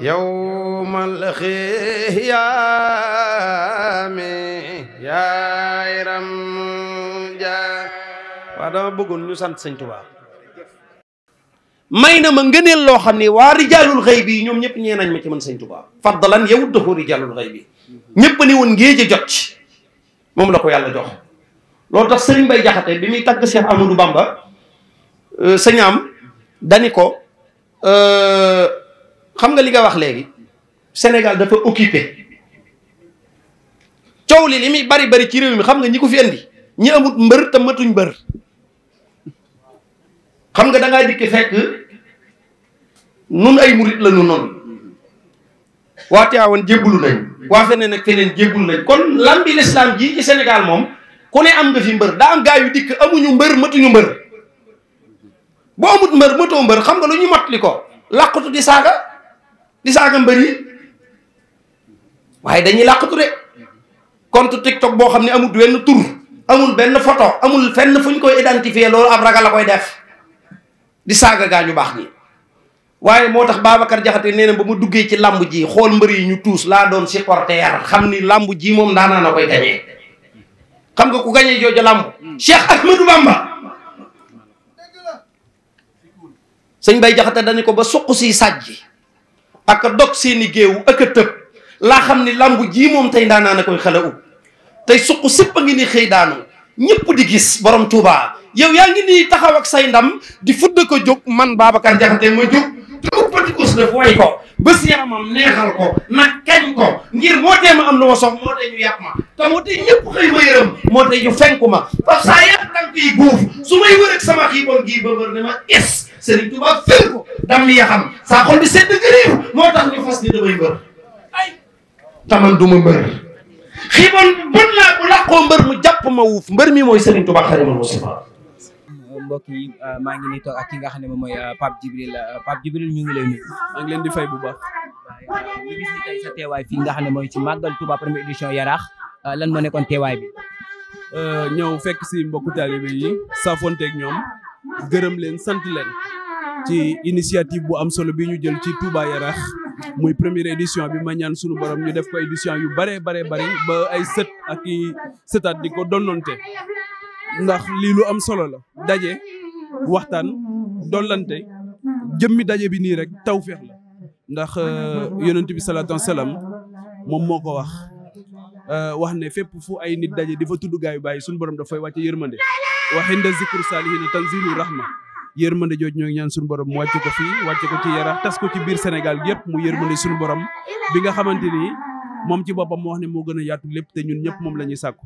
يوم الخيام يا إرم جا waa dama bëggoon lu sant sëñ Tuubaa may na ma ngëneel loo xam ni waa rijaalul xëy bi ñoom ñëpp ñee nañ ma ci man sëñ Tuubaa faddalan yow doxu rijaalul xëy bi ñëpp ni woon ngéej jot moom la ko yàlla jox loolu tax sëriñ Bay Jaxate bi muy tàgg Seex Amadou Bamba euh, sëñ am dani ko euh, xam nga li nga wax léegi Sénégal dafa occupé coow li li muy bari bari ci réew mi xam nga ñi ko fi indi ñi amut mbër te matuñ mbër xam nga da ngaa dikk fekk nun ay murit la ñu noonu waa Tiwaawan jébbalu nañ waa feneen ak feneen jébbalu nañ kon lambi lislaam jii ci Sénégal moom ku ne am nga fi mbër daa am gaa yu dikk amuñu mbër matuñu mbër boo amut mbër matoo mbër xam nga lu ñu mat li ko làqutu di saaga di sagam bari waye dañuy laqatu de compte tiktok bo xamni amul wenn tour amul benn photo amul fenn fuñ koy identifier lolu ab ragal la koy def di saga gaa ñu baax ñi waaye moo tax Babacar Jaxate mu duggé ci lamb ji xol mbeuri ñu tous la doon ci xam xamni lamb ji mom daanaa na koy gagné xam nga ku gagné jojo lamb Cheikh Ahmadou Bamba sëñ Bay jaxata dañ ko ba suq sajji ak dok seeni géewu ak tepp la xamni lambu tay moom tey ndaanaan a koy xala tay suqu sepp ngi ni xey daanu ñepp di gis borom Touba yow ya ngi ni taxaw ak say ndam di fudd ko jog man Babacar Diakhaté ma jóg te petit cous def way ko si yaramam neexal ko nag kañ ko ngir mo tee ma am lu so mo moo ñu ma ta mo tee ñepp xey ma mo moo ñu fenku ma parce sa saa yàpp danga guuf sumay wër ak sama gi ba wër ne ma est Serigne Touba fil ko dam li ya saa xol bi sedd gëriif moo tax ñu fas ni damay mbër ay taman duma mbër xiibon bun laa bu làqoo mbër mu jàpp ma wuuf mbër mi mooy Serigne Touba Xaadimal Mustafa mbokk yi euh, maa ngi nii toog ak ki nga xam ne moom mooy euh, Pape Djibril euh, Pape Djibril ñu ngi lay nuyu maa ngi leen di fay bu baax ñu teewaay fii nga xam ne mooy ci màggal Touba première édition Yaraax lan moo nekkoon teewaay bi ñëw fekk si mbokku taalibe yi safonteeg ñoom gërëm leen sant leen ci initiative bu am solo bi ñu jël ci Touba Yarax muy premier édition bi ma ñaan sunu borom ñu def ko édition yu bare bare bare ba ay sët ak i sëtaat di ko donnante ndax lii lu am solo la daje waxtaan dollante jëmmi daje bi nii rek tawféex la ndax euh, yonent bi salaatu wasalaam moom moo ko wax euh, wax ne fépp fu ay nit daje di fa tudd gaayu bàyyi sunu borom dafay wàcce yërmande wa hinda zikru salihin tanzilu rahma yermande joj ñoo ñaan suñu borom wacce ko fi wacce ko ci yara tas ko ci bir senegal yépp mu yermande suñu borom bi nga xamanteni mom ci bopam mo wax ne mo gëna yaatu lepp te ñun ñëpp mom lañuy sakku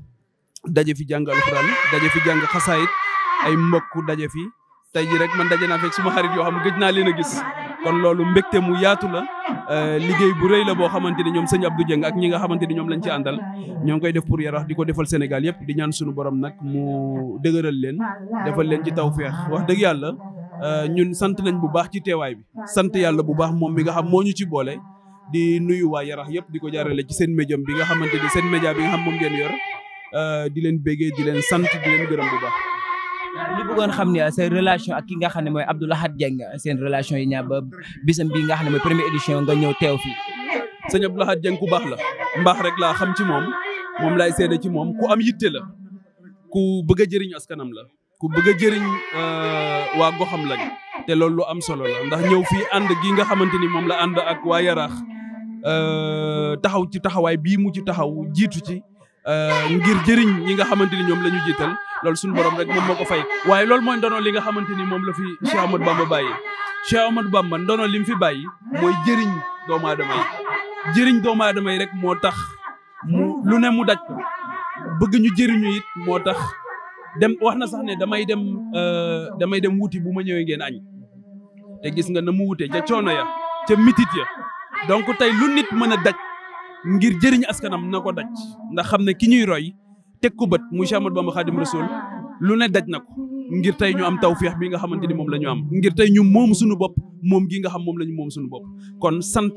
dajje fi jang alquran dajje fi jang xasaayit ay mbokk dajje fi tay rek man dajje na fek suma xarit yo xam gëj na leena gis kon loolu mbégte mu yaatu la euh, liggéey bu rëy la boo xamante ni ñoom sëñ Abdou jëng ak ñi nga xamante ni ñoom lañ ci àndal ñoo ngi koy def pour Yarax di ko defal Sénégal yëpp di ñaan suñu borom nag mu dëgëral leen defal leen ci tawféex wax dëgg yàlla euh, ñun sant nañ bu baax ci teewaay bi sant yàlla bu baax moom mi nga xam moo ñu ci boole di nuyu waa Yarax yëpp di ko jaarale ci seen médium bi nga xamante ni seen média bi nga xam moom ngeen yor euh, di leen béggee di leen sant leen gërëm bu baax li bëggoon xam ni euh, say relation ak ki nga xam ne mooy Abdou Lahad Dieng euh, seen relation yi ñaar ba bisam bii nga xam ne mooy première édition nga ñëw teew fii. sëñ Abdou Lahad Dieng ku baax la mbaax rek laa xam ci moom moom laay seede ci moom ku am yitte la ku bëgg a jëriñ askanam la ku bëgg a jëriñ euh, waa goxam lañ te loolu lu am solo la ndax ñëw fii ànd gi nga xamante ni moom la ànd ak waa Yaraax taxaw ci taxawaay bii mu ci taxaw jiitu ci ngir jëriñ ñi nga xamante ni ñoom la ñu jiital loolu suñu borom rek moom moo ko fay waaye loolu mooy ndono li nga xamante ni moom la fi Cheikh Amadou Bamba bàyyi Cheikh Amadou Bamba ndono li mu fi bàyyi mooy jëriñ doomu aadama yi jëriñ doomaadama aadama yi rek moo tax mu lu ne mu daj ko bëgg ñu jëriñu it moo tax dem wax na sax ne damay dem euh, damay dem wuti bu ma ñëwee ngeen añ te gis nga na mu wutee ca coono ya ca mitit ya donc tey lu nit mën a daj ngir jëriñ askanam na ko daj ndax xam ne ki ñuy roy teg ku bët muy Cheikh Ahmadou Bamba Khadim Rasoul lu ne daj na ko ngir tey ñu am taw tawféex bi nga xamante ni moom la ñu am ngir tey ñu moom suñu bopp moom gi nga xam moom la ñu moom suñu bopp kon sant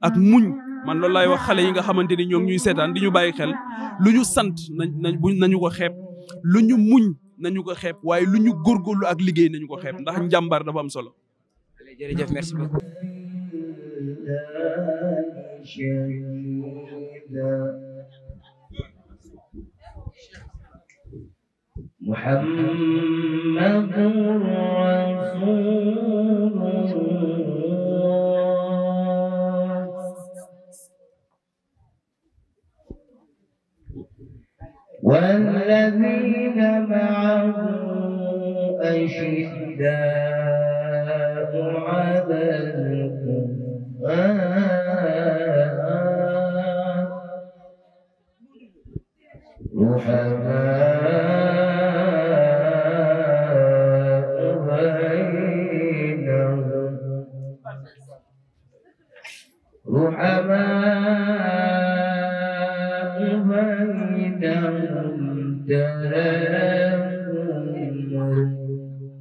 ak muñ man loolu laay wax xale yi nga xamante ni ñoom ñuy seetaan di ñu bàyyi xel lu ñu sant nañ nañu ko xeeb lu ñu muñ nañu ko xeeb waaye lu ñu góor góorgóorlu ak liggéey nañu ko xeeb ndax njàmbaar dafa am solo. jërëjëf merci محمد رسول الله والذين معه أشداء على الكفار رحماء رحماء من دمتهم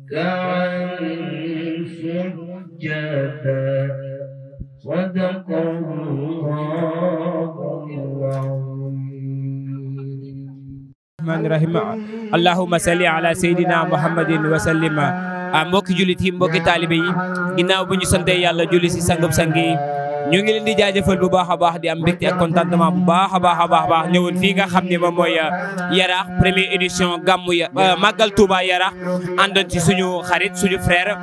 ركعا سجدا صدق الله اللهم صل على سيدنا محمد وسلم موك جولي تي موك طالبي غيناو بو ني سانتي يالا جولي سي سانغوب سانغي ñu ngi di di jaajëfal bu baax a baax di am mbégte ak contentement bu baax a baax a baax ñëwoon fii nga xam ne moom mooy euh, Yaraax première édition gàmmu ya euh, Màggal Touba Yaraax àndoon ci suñu xarit suñu frère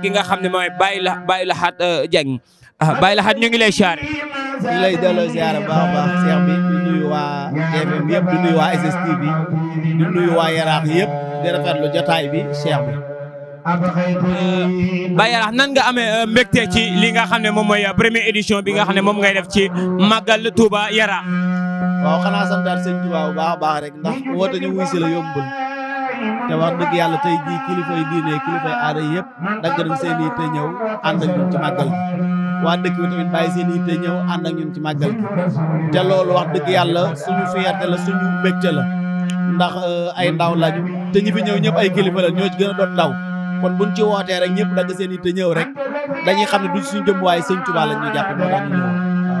ki euh, nga xam ne mooy Baye la laxaat Lahat Dieng ah, Baye Lahat ñu ngi lay siyaar. ñu lay delloo siyaar baax baax Cheikh bi di nuyu waa TFM yëpp di nuyu waa SSTV di nuyu waa Yaraax yëpp di rafetlu jotaay bi Cheikh bi. Baye Yarax nan nga amee euh, mbégte ci li nga xam ne moom mooy euh, première édition bi nga xam ne moom ngay def ci Magal Touba Yarax. waaw xanaa santaat sëñ Touba bu baax a baax rek ndax woote ñu wuy si la yombul te wax dëgg yàlla tey jii kilifa yi diine kilifa aada yëpp dagg nañ seen i te ñëw ànd ak ñun ci màggal te ñëw ànd ak ci màggal wax dëgg yàlla suñu fierté la suñu mbégte la ndax euh, ay ndaw lañu te ñi fi ñëw ñëpp ay kilifa la ñoo ci gën a doon ndaw kon buñ ci wootee rek ñëpp dagg seen it ñëw rek dañuy xam ne du suñu jëm waaye sëñ Tuubaa la ñuy jàpp ñu ñëw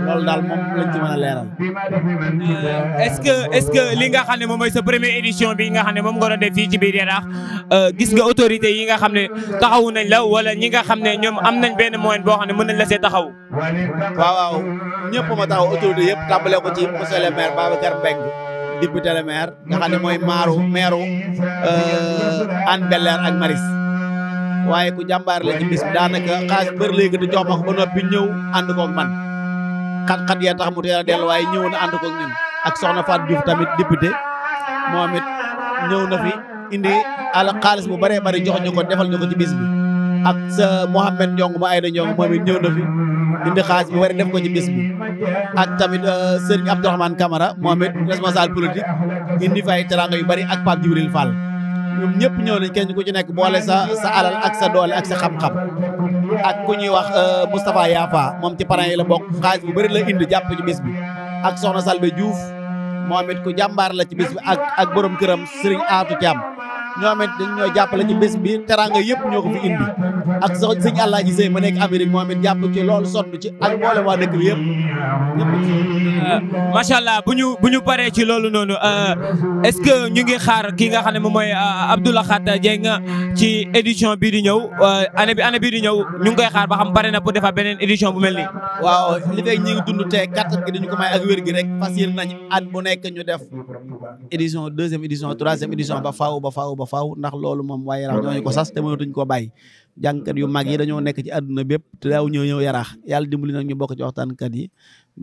loolu daal moom lañ ci mën a leeral. Euh, est-ce que est-ce que li nga xam ne moom mooy sa première édition bi nga xam ne moom nga doon def fii ci biir Yaraax euh, gis nga autorité yi nga xam ne taxaw nañ law wala ñi nga xam ne ñoom am nañ benn moyen boo xam ne mën nañ la see taxaw. waaw waaw ñëpp ma taxaw autorité yëpp tàmbale ko ci monsieur le maire Babacar Mbengue député le maire nga xam mooy maaru maire euh, Hann bel waye ku jambar la ci bis daanaka xaas beur léegi du jox ma ko ba noppi ñëw ànd koog man kat kat ya tax mu teel a dellu waaye ñëw na ko ak ñun ak soxna fat Diouf tamit député momit ñew na fi indi al xaalis bu bare bare jox ñuko defal ñuko ci bis bi ak sa Mohamed ñong ma Ayda Ndiong moom it na fi indi xaalis bu bare def ko ci bis bi ak tamit euh, Serigne Abdourahmane Camara momit responsable politique indi fay teranga yu bari ak pap Djibril Fall ñoom ñëpp ñëw ne kenn ku ci nekk boole sa sa alal ak sa doole ak sa xam-xam ak ku ñuy wax euh, Moustapha Yafa moom ci parents la bokk xaalis bu bëri la indi jàpp ci bis bi ak soxna Salbe Diouf moom it ku jàmbaar la ci bis bi ak ak borom këram Serigne Atou Thiam ñoo xamante dañ ñoo jàppale ci bés bi teraanga yëpp ñoo ko fi indi ak sa sëñ Alaaji Sey ma nekk Amérique moom it ci lool sonn ci ak boole waa dëkk bi yëpp euh, macha allah bu ñu paree ci loolu noonu euh, est-ce que ñu ngi xaar ki nga xam ne moom mooy euh, Abdou Lakhat Dieng ci édition bii di ñëw année bi année bii di ñëw ñu ngi koy xaar ba xam pare na pour defaat beneen édition bu mel nii waaw li fekk ñi dund te kattan gi dañu ko may ak wér gi rek fas yéene nañ at bu nekk ñu def édition deuxième édition troisième édition ba faaw ba ko faaw ndax loolu moom waaye yaraax ñooñu ko sas te mënatuñ ko bàyyi jàngkat yu mag yi dañoo nekk ci àdduna bépp te daaw ñëw ñëw yaraax yàlla dimbali nag ñu bokk ci waxtaankat yi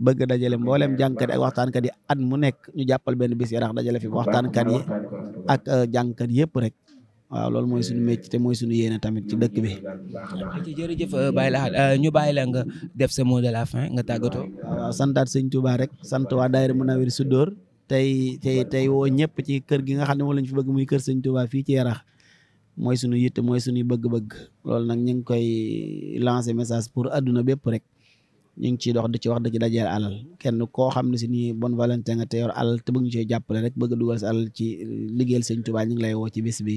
bëgg dajale mbooleem jàngkat yi ak waxtaankat yi at mu nekk ñu jàppal benn bis yaraax dajale fi waxtaankat yi ak euh, jàngkat yëpp rek waaw loolu mooy suñu métier te mooy suñu yéene tamit ci dëkk bi. jërëjëf euh, Baye Lahad euh, ñu bàyyi la nga def sa mot de la fin nga tàggatoo. waaw santaat sëñ Touba rek sant waa daayira Munawir sudur tay tay tay wo ñëpp ci kër gi nga xamne mo lañ fi bëgg muy kër Serigne Touba fi ci Yarax moy suñu yitte moy suñu bëgg-bëgg lool nak ñing koy lancer message pour aduna bëpp rek ñing ci dox di ci wax da ci dajeel alal kenn ko xamne ci ni bonne volonté nga tayor alal te bëgg ñu ci jappalé rek bëgg a alal ci liggéeyal Serigne Touba ñing lay wo ci bis bi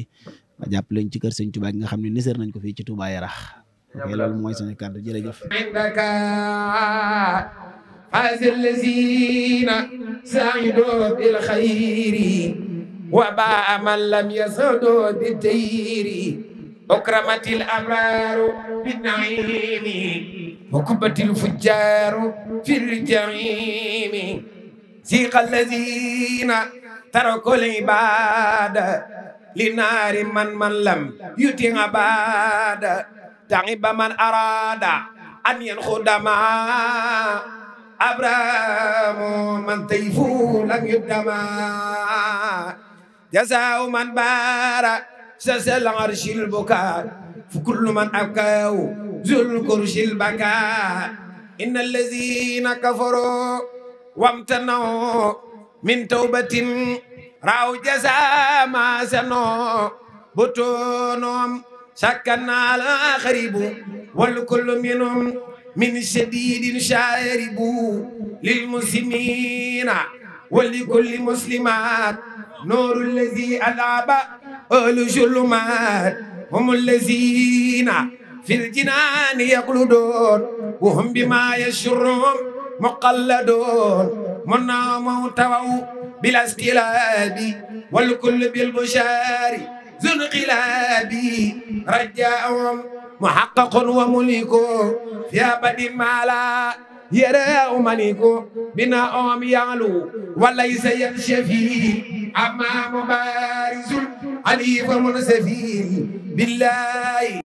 nga jàppale ñu ci kër Serigne Touba gi nga xamne ne nañ ko fi ci Touba Yarax ok moy mooy suñu kàddu jërëjëf حاز الذين سعدوا بالخير وباء من لم يسعدوا بالدير أكرمت الأبرار بالنعيم وكبت الفجار في الرجعيم سيق الذين تركوا العبادة لنار من من لم يطع عبادة تعب من أراد أن ما أبرام من طيف لم يدما جزاء من بارى سس العرش البكاء فكل من أبكاه ذو الكرش البكاء إن الذين كفروا وامتنوا من توبة رأوا جزاء ما سنوا بطونهم سكن على خريب والكل منهم من شديد شارب للمسلمين ولكل مسلمات نور الذي ألعب أهل جلمات هم الذين في الجنان يقلدون وهم بما يشرهم مقلدون منا موتوا بلا استلاب والكل بالبشار ذو انقلاب رجاءهم محقق ومليك يا بدي مالا يرى مليك بنا أم يعلو وليس يمشي فيه أمام بارز حليف منسفي بالله